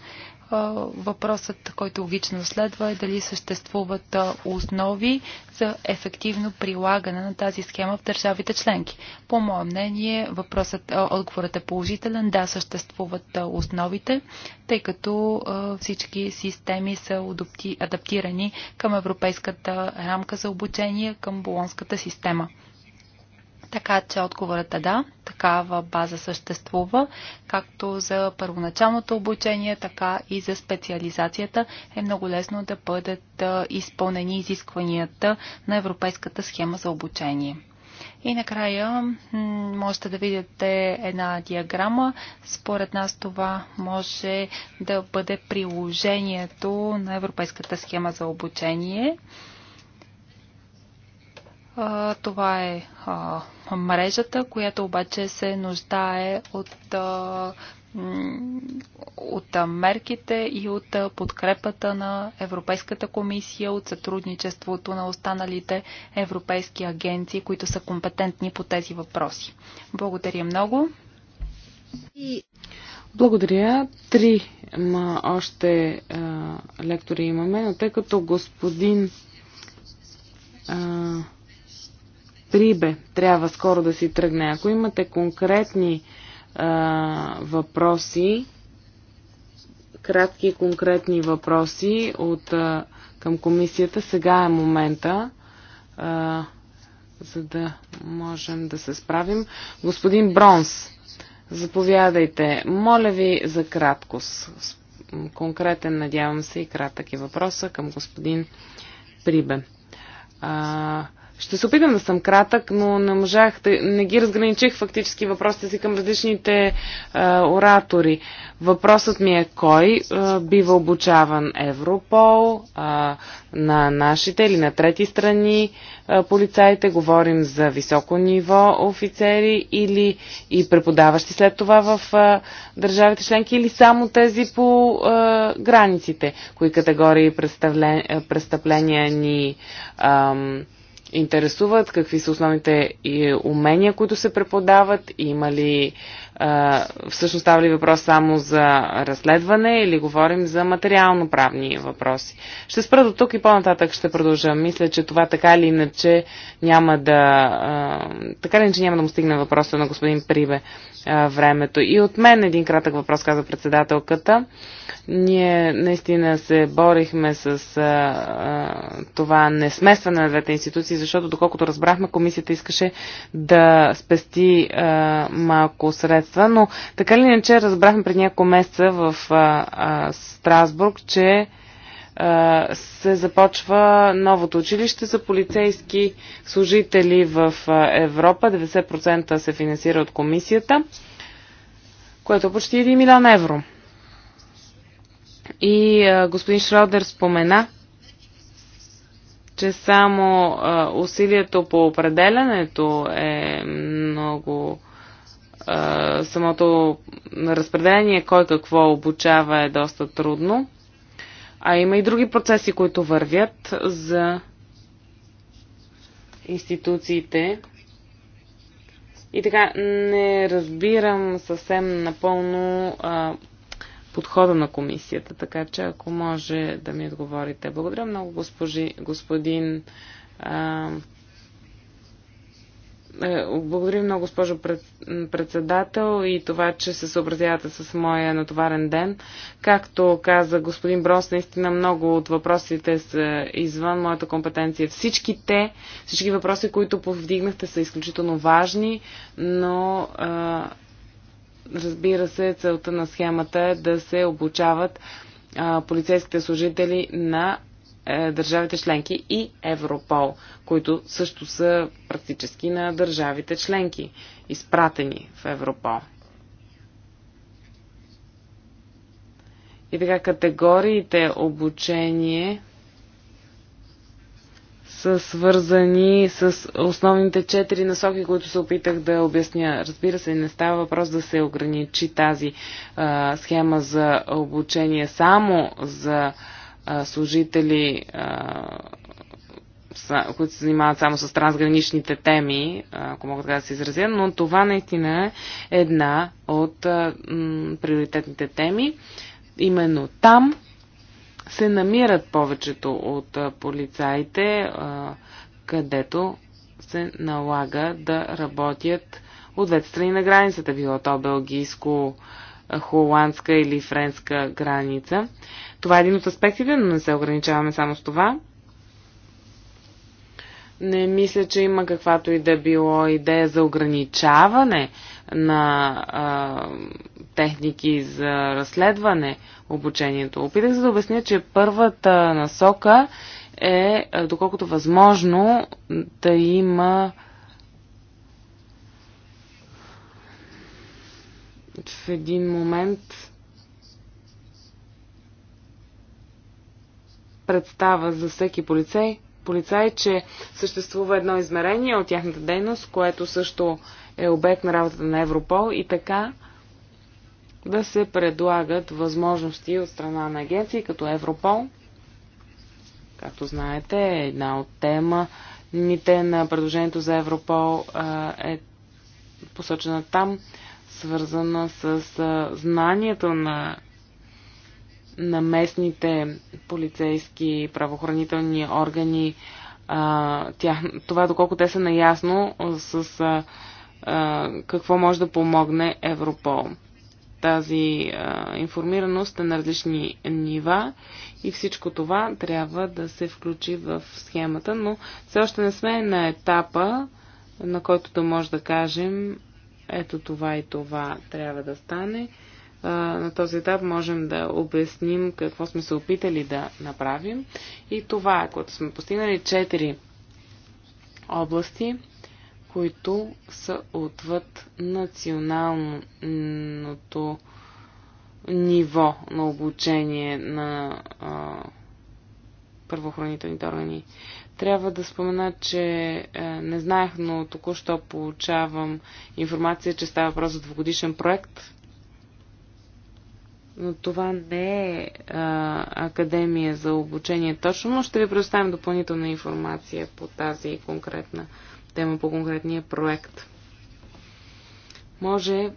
въпросът, който логично следва е дали съществуват основи за ефективно прилагане на тази схема в държавите членки. По мое мнение, въпросът, отговорът е положителен. Да, съществуват основите, тъй като всички системи са адаптирани към европейската рамка за обучение, към болонската система. Така че отговорът е да, такава база съществува, както за първоначалното обучение, така и за специализацията е много лесно да бъдат изпълнени изискванията на Европейската схема за обучение. И накрая можете да видите една диаграма. Според нас това може да бъде приложението на Европейската схема за обучение. Това е мрежата, която обаче се нуждае от, от мерките и от подкрепата на Европейската комисия, от сътрудничеството на останалите европейски агенции, които са компетентни по тези въпроси. Благодаря много. Благодаря. Три ма, още а, лектори имаме, но тъй като господин а, Прибе, трябва скоро да си тръгне. Ако имате конкретни а, въпроси, кратки и конкретни въпроси от, а, към комисията, сега е момента, а, за да можем да се справим. Господин Бронс, заповядайте. Моля ви за краткост. Конкретен, надявам се, и кратък е въпроса към господин Прибе. А, ще се опитам да съм кратък, но не можах, да, не ги разграничих фактически въпросите си към различните а, е, оратори. Въпросът ми е кой а, е, бива обучаван Европол, а, е, на нашите или на трети страни а, полицаите, говорим за високо ниво офицери или и преподаващи след това в а, държавите членки или само тези по а, границите, кои категории престъпления ни. А, интересуват, какви са основните умения, които се преподават, има ли, всъщност става ли въпрос само за разследване или говорим за материално-правни въпроси. Ще спра до тук и по-нататък ще продължа. Мисля, че това така или иначе няма да, така или иначе няма да му стигне въпроса на господин Прибе времето. И от мен един кратък въпрос, каза председателката. Ние наистина се борихме с а, а, това несместване на двете институции, защото доколкото разбрахме, комисията искаше да спести а, малко средства, но така ли не, че разбрахме пред няколко месеца в а, а, Страсбург, че се започва новото училище за полицейски служители в Европа. 90% се финансира от комисията, което е почти 1 милион евро. И а, господин Шродер спомена, че само а, усилието по определенето е много. А, самото разпределение кой какво обучава е доста трудно. А има и други процеси, които вървят за институциите. И така, не разбирам съвсем напълно а, подхода на комисията, така че ако може да ми отговорите. Благодаря много, госпожи, господин. А, е, благодаря много, госпожо пред, председател и това, че се съобразявате с моя натоварен ден. Както каза господин Брос, наистина много от въпросите са извън моята компетенция. Всички те, всички въпроси, които повдигнахте, са изключително важни, но а, Разбира се, целта на схемата е да се обучават а, полицейските служители на е, държавите членки и Европол, които също са практически на държавите членки, изпратени в Европол. И така категориите обучение са свързани с основните четири насоки, които се опитах да обясня. Разбира се, не става въпрос да се ограничи тази а, схема за обучение само за а, служители, а, са, които се занимават само с трансграничните теми, ако мога така да се изразя, но това наистина е една от а, м, приоритетните теми. Именно там се намират повечето от полицаите, където се налага да работят от двете страни на границата, било то белгийско, холандска или френска граница. Това е един от аспектите, но не се ограничаваме само с това. Не мисля, че има каквато и да било идея за ограничаване на а, техники за разследване обучението. Опитах се да обясня, че първата насока е, е, доколкото възможно, да има в един момент представа за всеки полицей, полицай, че съществува едно измерение от тяхната дейност, което също е обект на работата на Европол и така да се предлагат възможности от страна на агенции като Европол. Както знаете, една от тема ните на предложението за Европол е посочена там, свързана с знанието на, на местните полицейски правоохранителни органи, това доколко те са наясно с а, а, какво може да помогне Европол тази а, информираност е на различни нива и всичко това трябва да се включи в схемата, но все още не сме на етапа, на който да може да кажем ето това и това трябва да стане. А, на този етап можем да обясним какво сме се опитали да направим и това е, което сме постигнали четири области – които са отвъд националното ниво на обучение на а, първохранителните органи. Трябва да спомена, че а, е, не знаех, но току-що получавам информация, че става въпрос за двогодишен проект. Но това не е а, академия за обучение точно, но ще ви предоставим допълнителна информация по тази конкретна а, тема по конкретния проект. Може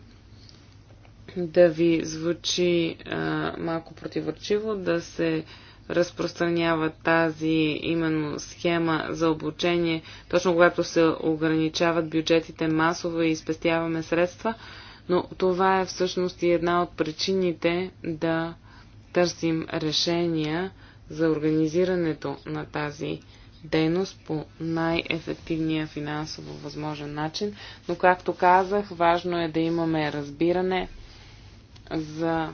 да ви звучи а, малко противоречиво да се разпространява тази именно схема за обучение, точно когато се ограничават бюджетите масово и спестяваме средства, но това е всъщност и една от причините да търсим решения за организирането на тази дейност по най-ефективния финансово възможен начин, но както казах, важно е да имаме разбиране за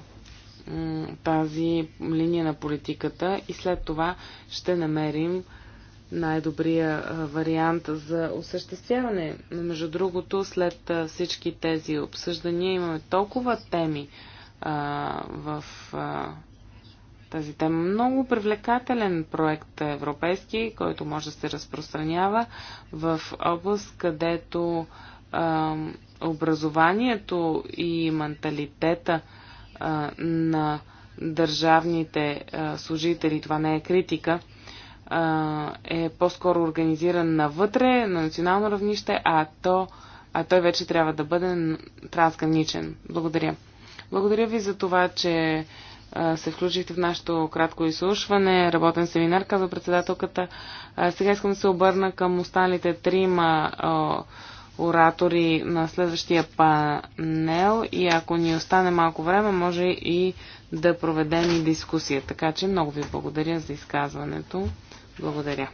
тази линия на политиката и след това ще намерим най-добрия вариант за осъществяване. Но между другото, след всички тези обсъждания имаме толкова теми а, в а, тази тема. Много привлекателен проект европейски, който може да се разпространява в област, където а, образованието и менталитета а, на държавните а, служители, това не е критика, а, е по-скоро организиран навътре, на национално равнище, а, то, а той вече трябва да бъде трансграничен. Благодаря. Благодаря ви за това, че се включихте в нашето кратко изслушване, работен семинар, казва председателката. Сега искам да се обърна към останалите трима оратори на следващия панел и ако ни остане малко време, може и да проведем и дискусия. Така че много ви благодаря за изказването. Благодаря.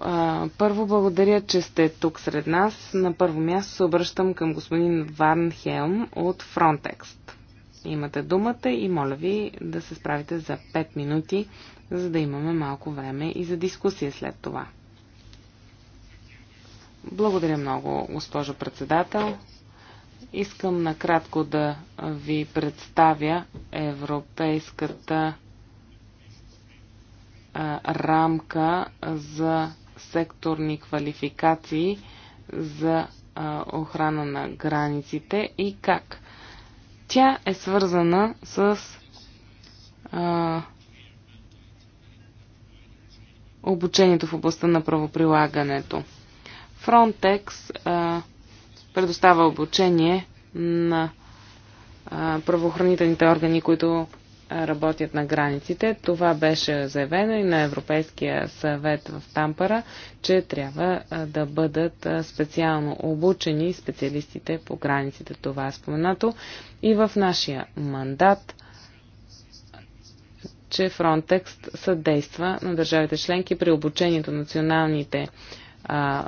А, първо благодаря, че сте тук сред нас. На първо място се обръщам към господин Варн Хелм от Фронтекст. Имате думата и моля ви да се справите за 5 минути, за да имаме малко време и за дискусия след това. Благодаря много, госпожо председател. Искам накратко да ви представя европейската рамка за секторни квалификации за а, охрана на границите и как. Тя е свързана с а, обучението в областта на правоприлагането. Frontex а, предоставя обучение на правоохранителните органи, които работят на границите. Това беше заявено и на Европейския съвет в Тампара, че трябва да бъдат специално обучени специалистите по границите. Това е споменато и в нашия мандат че Фронтекс съдейства на държавите членки при обучението на националните а,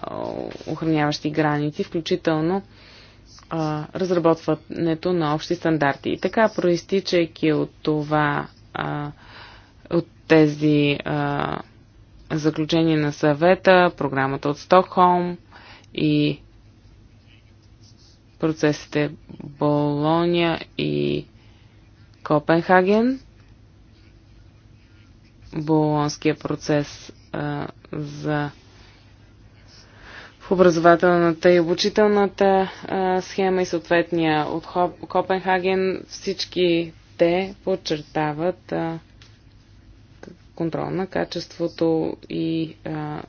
охраняващи граници, включително а, разработването на общи стандарти. И така, проистичайки от това, а, от тези а, заключения на съвета, програмата от Стокхолм и процесите Болония и Копенхаген, Болонския процес а, за образователната и обучителната а, схема и съответния от Хоп, Копенхаген. Всички те подчертават а, контрол на качеството и а,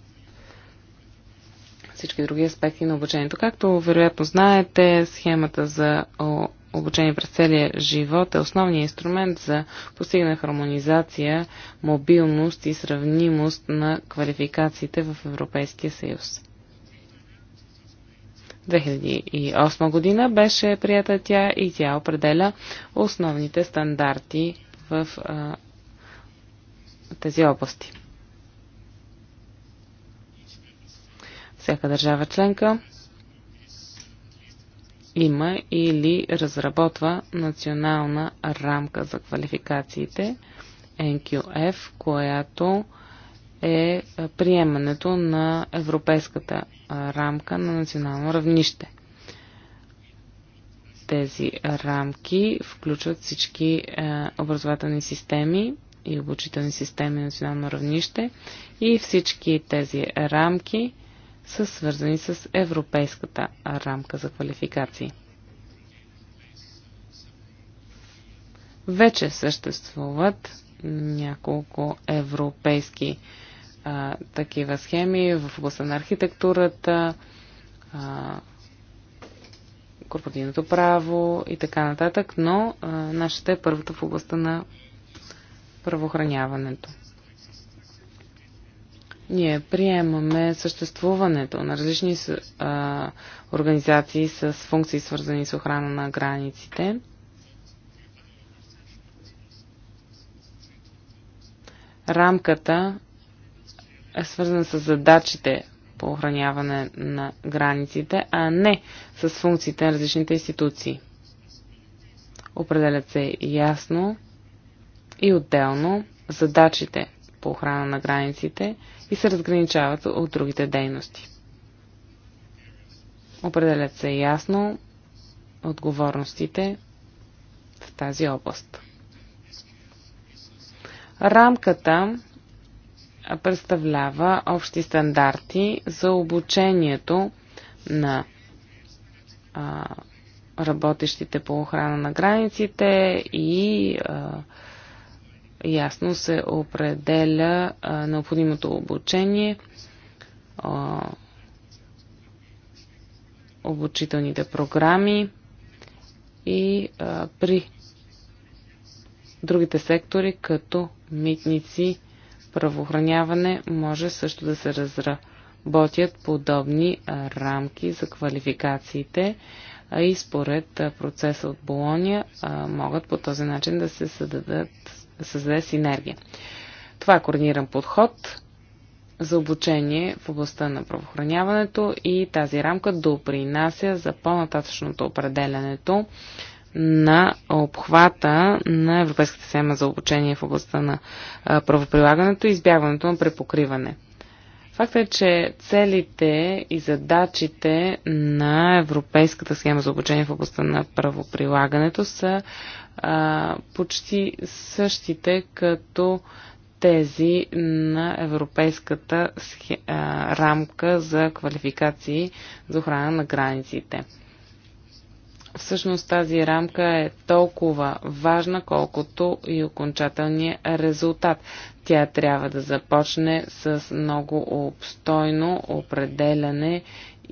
всички други аспекти на обучението. Както вероятно знаете, схемата за обучение през целия живот е основният инструмент за постигане хармонизация, мобилност и сравнимост на квалификациите в Европейския съюз. 2008 година беше прията тя и тя определя основните стандарти в а, тези области. Всяка държава членка има или разработва национална рамка за квалификациите NQF, която е, е приемането на европейската рамка на национално равнище. Тези рамки включват всички е, образователни системи и обучителни системи на национално равнище и всички тези рамки са свързани с европейската рамка за квалификации. Вече съществуват няколко европейски а, такива схеми в областта на архитектурата, а, корпоративното право и така нататък, но а, нашата е първата в областта на правоохраняването. Ние приемаме съществуването на различни а, организации с функции, свързани с охрана на границите. Рамката е свързан с задачите по охраняване на границите, а не с функциите на различните институции. Определят се ясно и отделно задачите по охрана на границите и се разграничават от другите дейности. Определят се ясно отговорностите в тази област. Рамката представлява общи стандарти за обучението на а, работещите по охрана на границите и а, ясно се определя а, необходимото обучение, а, обучителните програми и а, при другите сектори, като митници, правоохраняване може също да се разработят подобни рамки за квалификациите и според процеса от Болония могат по този начин да се създадат, създаде синергия. Това е координиран подход за обучение в областта на правоохраняването и тази рамка допринася за по-нататъчното определянето на обхвата на Европейската система за обучение в областта на правоприлагането и избягването на препокриване. Факт е, че целите и задачите на Европейската схема за обучение в областта на правоприлагането са а, почти същите като тези на Европейската схе, а, рамка за квалификации за охрана на границите. Всъщност тази рамка е толкова важна, колкото и окончателният резултат. Тя трябва да започне с много обстойно определяне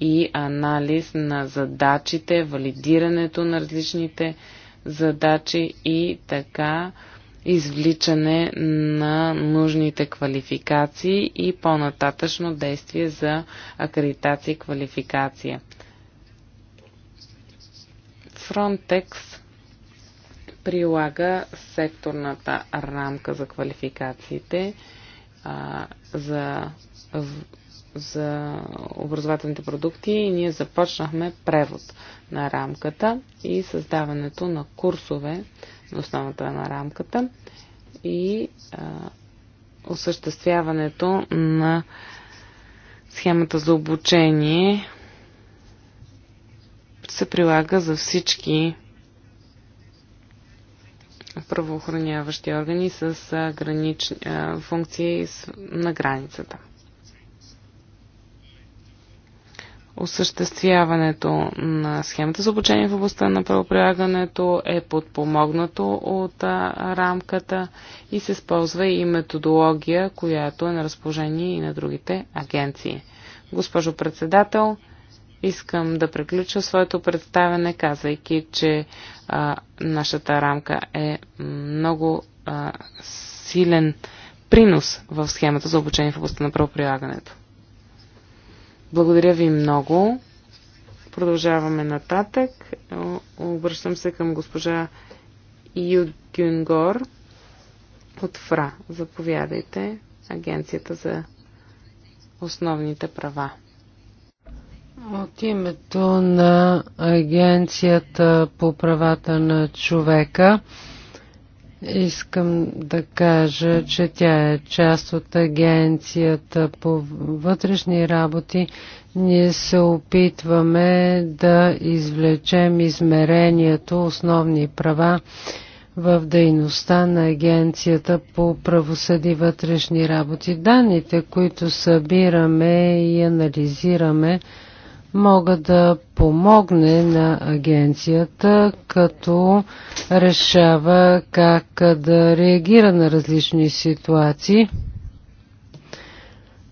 и анализ на задачите, валидирането на различните задачи и така извличане на нужните квалификации и по-нататъчно действие за акредитация и квалификация. Фронтекс прилага секторната рамка за квалификациите а, за, за образователните продукти и ние започнахме превод на рамката и създаването на курсове на основата на рамката и а, осъществяването на схемата за обучение се прилага за всички правоохраняващи органи с гранични, функции на границата. Осъществяването на схемата за обучение в областта на правоприлагането е подпомогнато от рамката и се използва и методология, която е на разположение и на другите агенции. Госпожо председател, Искам да приключа своето представяне, казвайки, че а, нашата рамка е много а, силен принос в схемата за обучение в областта на правоприлагането. Благодаря ви много. Продължаваме нататък. Обръщам се към госпожа Югюнгор от ФРА. Заповядайте, Агенцията за основните права. От името на Агенцията по правата на човека искам да кажа, че тя е част от Агенцията по вътрешни работи. Ние се опитваме да извлечем измерението основни права в дейността на Агенцията по правосъди вътрешни работи. Данните, които събираме и анализираме, мога да помогне на агенцията, като решава как да реагира на различни ситуации.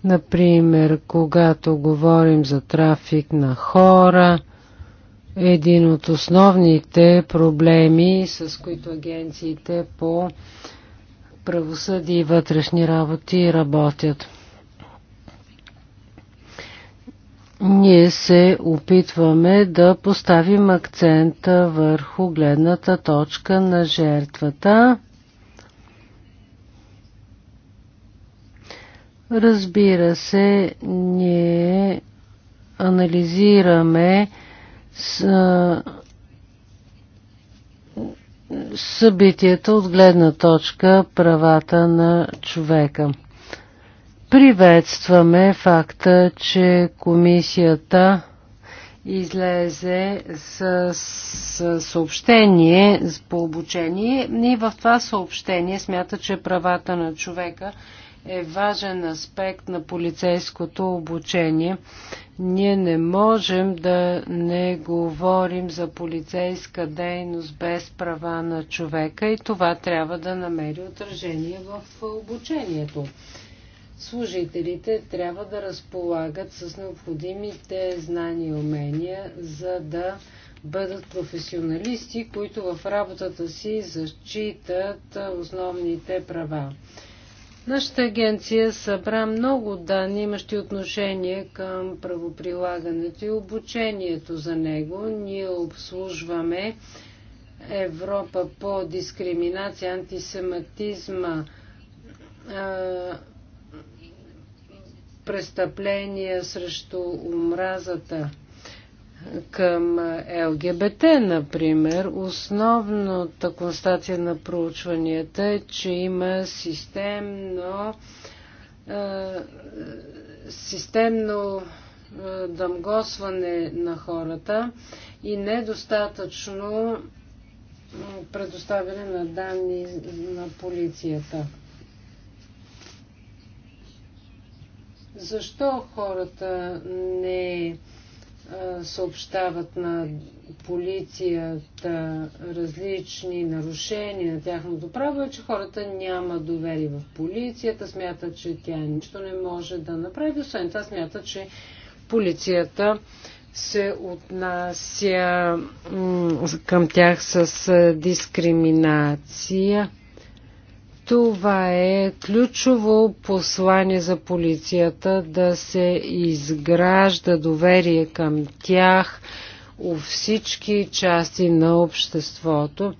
Например, когато говорим за трафик на хора, един от основните проблеми, с които агенциите по правосъдие и вътрешни работи работят – ние се опитваме да поставим акцента върху гледната точка на жертвата. Разбира се, ние анализираме с, събитията от гледна точка правата на човека. Приветстваме факта, че комисията излезе с, с съобщение по обучение и в това съобщение смята, че правата на човека е важен аспект на полицейското обучение. Ние не можем да не говорим за полицейска дейност без права на човека и това трябва да намери отражение в обучението служителите трябва да разполагат с необходимите знания и умения, за да бъдат професионалисти, които в работата си зачитат основните права. Нашата агенция събра много данни, имащи отношение към правоприлагането и обучението за него. Ние обслужваме Европа по дискриминация, антисематизма, престъпления срещу омразата към ЛГБТ, например, основната констация на проучванията е, че има системно, е, системно е, дъмгосване на хората и недостатъчно предоставяне на данни на полицията. Защо хората не съобщават на полицията различни нарушения на тяхното право, е, че хората няма доверие в полицията, смятат, че тя нищо не може да направи. Освен това смятат, че полицията се отнася към тях с дискриминация. Това е ключово послание за полицията да се изгражда доверие към тях у всички части на обществото.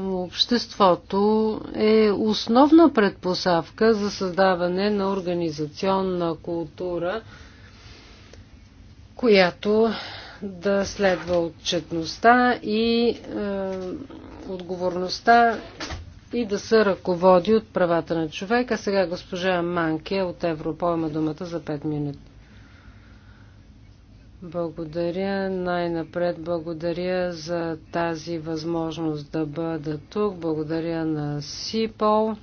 Обществото е основна предпоставка за създаване на организационна култура, която да следва отчетността и е, отговорността и да се ръководи от правата на човека. Сега госпожа Манке от Европол има думата за 5 минути. Благодаря. Най-напред благодаря за тази възможност да бъда тук. Благодаря на СИПОЛ.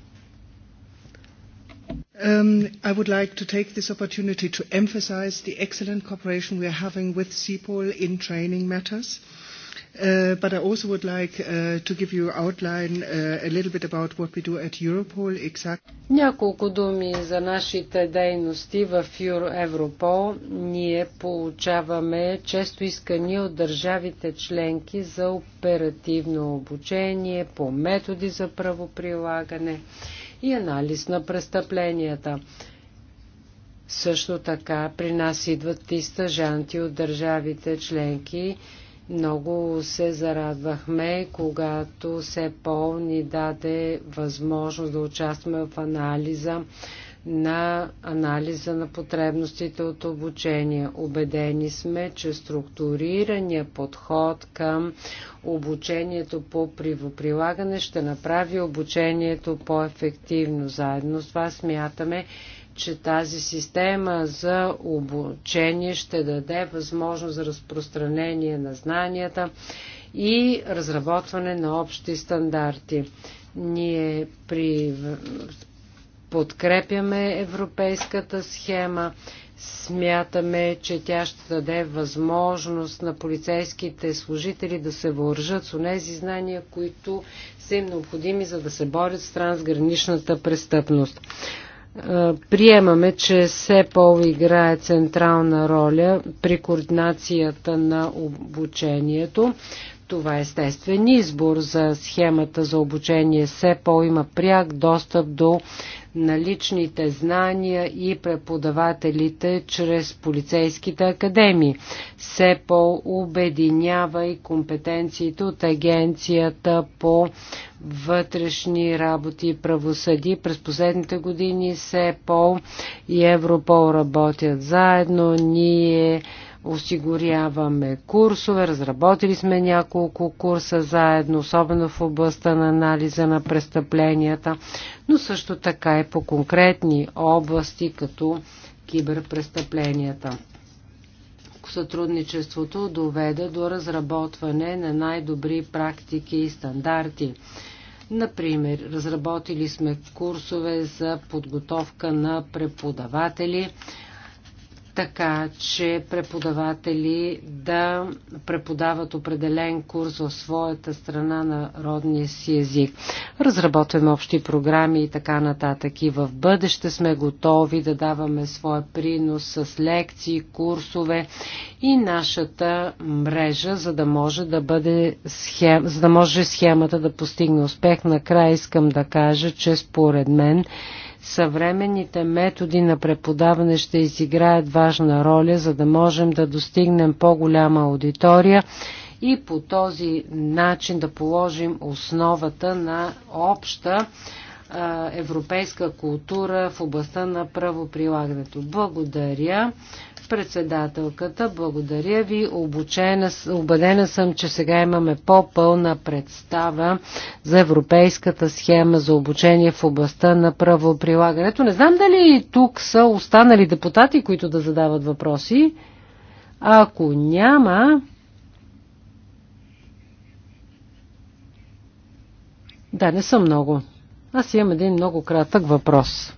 Um, I would like to take this opportunity to emphasize the excellent cooperation we are having with CEPOL in training matters. Uh, Uh, but I also would like uh, to give you outline uh, a little bit about what we do at Europol exactly. Няколко думи за нашите дейности в Европол. Ние получаваме често искания от държавите членки за оперативно обучение по методи за правоприлагане и анализ на престъпленията. Също така при нас идват и стъжанти от държавите членки, много се зарадвахме, когато СЕПОЛ ни даде възможност да участваме в анализа на анализа на потребностите от обучение. Обедени сме, че структурирания подход към обучението по привоприлагане ще направи обучението по-ефективно. Заедно с това смятаме, че тази система за обучение ще даде възможност за разпространение на знанията и разработване на общи стандарти. Ние при... подкрепяме европейската схема, смятаме, че тя ще даде възможност на полицейските служители да се въоръжат с тези знания, които са им необходими, за да се борят с трансграничната престъпност. Е, приемаме, че СЕПОЛ играе централна роля при координацията на обучението. Това е естествен избор за схемата за обучение. СЕПОЛ има пряк достъп до наличните знания и преподавателите чрез полицейските академии. СЕПОЛ обединява и компетенциите от Агенцията по вътрешни работи и правосъди. През последните години СЕПОЛ и Европол работят заедно. Ние осигуряваме курсове, разработили сме няколко курса заедно, особено в областта на анализа на престъпленията, но също така и по конкретни области, като киберпрестъпленията. Сътрудничеството доведе до разработване на най-добри практики и стандарти. Например, разработили сме курсове за подготовка на преподаватели, така че преподаватели да преподават определен курс в своята страна на родния си език. Разработваме общи програми и така нататък. И в бъдеще сме готови да даваме своя принос с лекции, курсове и нашата мрежа, за да може да бъде схем... за да може схемата да постигне успех. Накрая искам да кажа, че според мен Съвременните методи на преподаване ще изиграят важна роля, за да можем да достигнем по-голяма аудитория и по този начин да положим основата на обща европейска култура в областта на правоприлагането. Благодаря. Председателката, благодаря ви. Обучена, убедена съм, че сега имаме по-пълна представа за европейската схема за обучение в областта на правоприлагането. Не знам дали тук са останали депутати, които да задават въпроси. Ако няма, Да, не съм много. Аз имам един много кратък въпрос.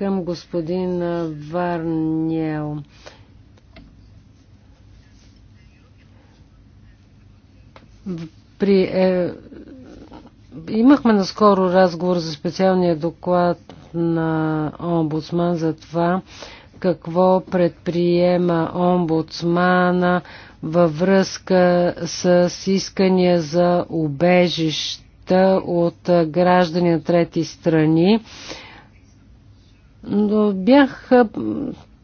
към господин Варниел. При, е, имахме наскоро разговор за специалния доклад на омбудсман за това какво предприема омбудсмана във връзка с искания за убежища от граждани на трети страни но бях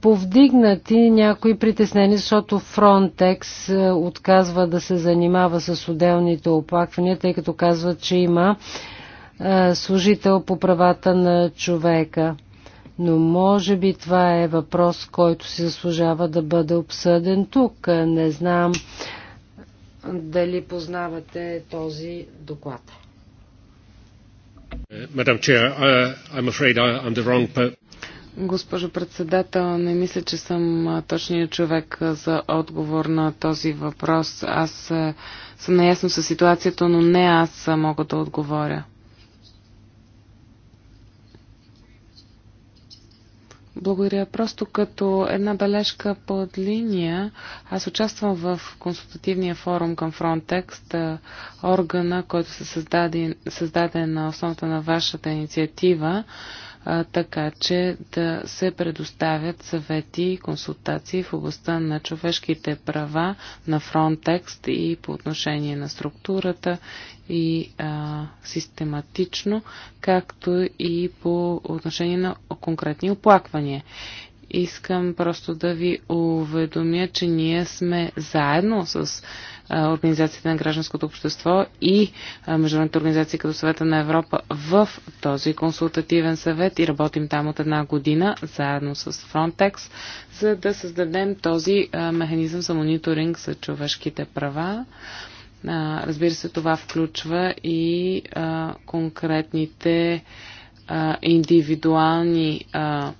повдигнати някои притеснени, защото Frontex отказва да се занимава с отделните оплаквания, тъй като казват, че има служител по правата на човека. Но може би това е въпрос, който се заслужава да бъде обсъден тук. Не знам дали познавате този доклад. Madam Chair, I'm afraid I'm the wrong Госпожо председател, не мисля, че съм точният човек за отговор на този въпрос. Аз съм наясно с ситуацията, но не аз мога да отговоря. Благодаря. Просто като една бележка под линия, аз участвам в консултативния форум към Frontex, органа, който се създаде, създаде на основата на вашата инициатива така че да се предоставят съвети и консултации в областта на човешките права на Frontex и по отношение на структурата и а, систематично, както и по отношение на конкретни оплаквания. Искам просто да ви уведомя, че ние сме заедно с Организацията на гражданското общество и Международната организация като съвета на Европа в този консултативен съвет и работим там от една година заедно с Frontex, за да създадем този механизъм за мониторинг за човешките права. Разбира се, това включва и конкретните индивидуални а,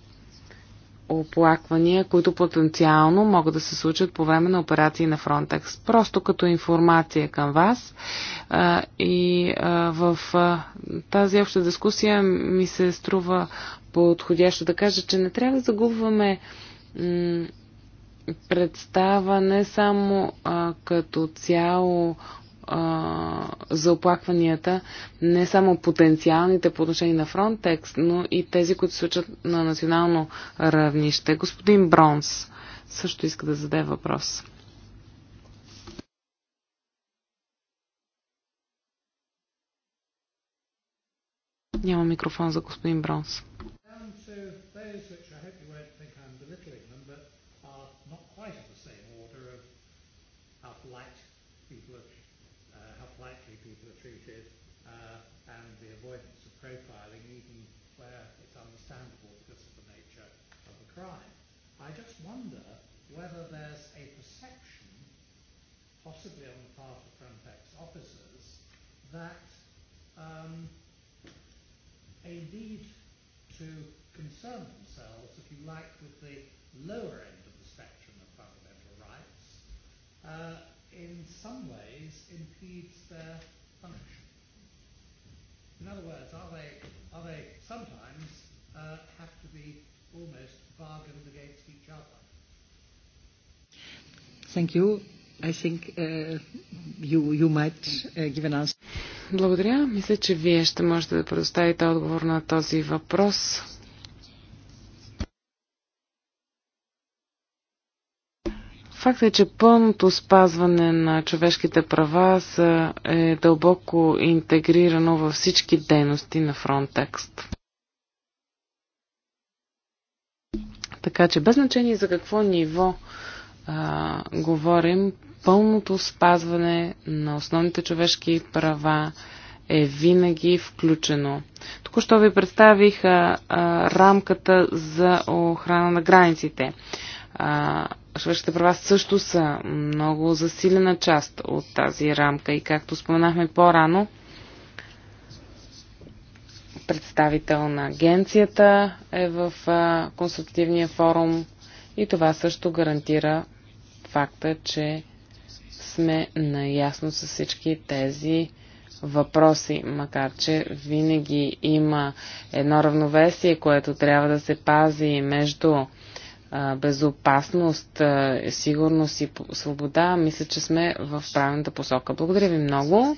оплаквания, които потенциално могат да се случат по време на операции на Фронтекс. Просто като информация към вас. А, и а, в а, тази обща дискусия ми се струва подходящо да кажа, че не трябва да загубваме представа не само а, като цяло а, за оплакванията, не само потенциалните по отношение на Frontex, но и тези, които се случат на национално равнище. Господин Бронс също иска да зададе въпрос. Няма микрофон за господин Бронс. treated uh, and the avoidance of profiling, even where it's understandable because of the nature of the crime. I just wonder whether there's a perception, possibly on the part of Frontex officers, that um, a need to concern themselves, if you like, with the lower end of the spectrum of fundamental rights, uh, in some ways impedes their country. In other words, are they, are they sometimes uh, have to be almost bargained against each other? Thank you. I think uh, you, you might uh, give an answer. Благодаря. Мисля, че вие ще можете да предоставите отговор на този въпрос. Факт е, че пълното спазване на човешките права са, е дълбоко интегрирано във всички дейности на Frontex. Така че без значение за какво ниво а, говорим, пълното спазване на основните човешки права е винаги включено. Току-що ви представих а, а, рамката за охрана на границите човешките права също са много засилена част от тази рамка и както споменахме по-рано, представител на агенцията е в а, консултативния форум и това също гарантира факта, че сме наясно с всички тези въпроси, макар че винаги има едно равновесие, което трябва да се пази между безопасност, сигурност и свобода, мисля, че сме в правилната посока. Благодаря ви много.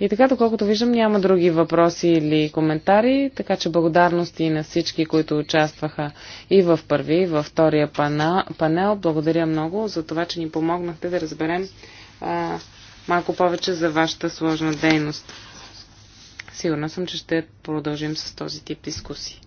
И така, доколкото виждам, няма други въпроси или коментари, така че благодарности на всички, които участваха и в първи, и във втория панел. Благодаря много за това, че ни помогнахте да разберем а, малко повече за вашата сложна дейност. Сигурна съм, че ще продължим с този тип дискусии.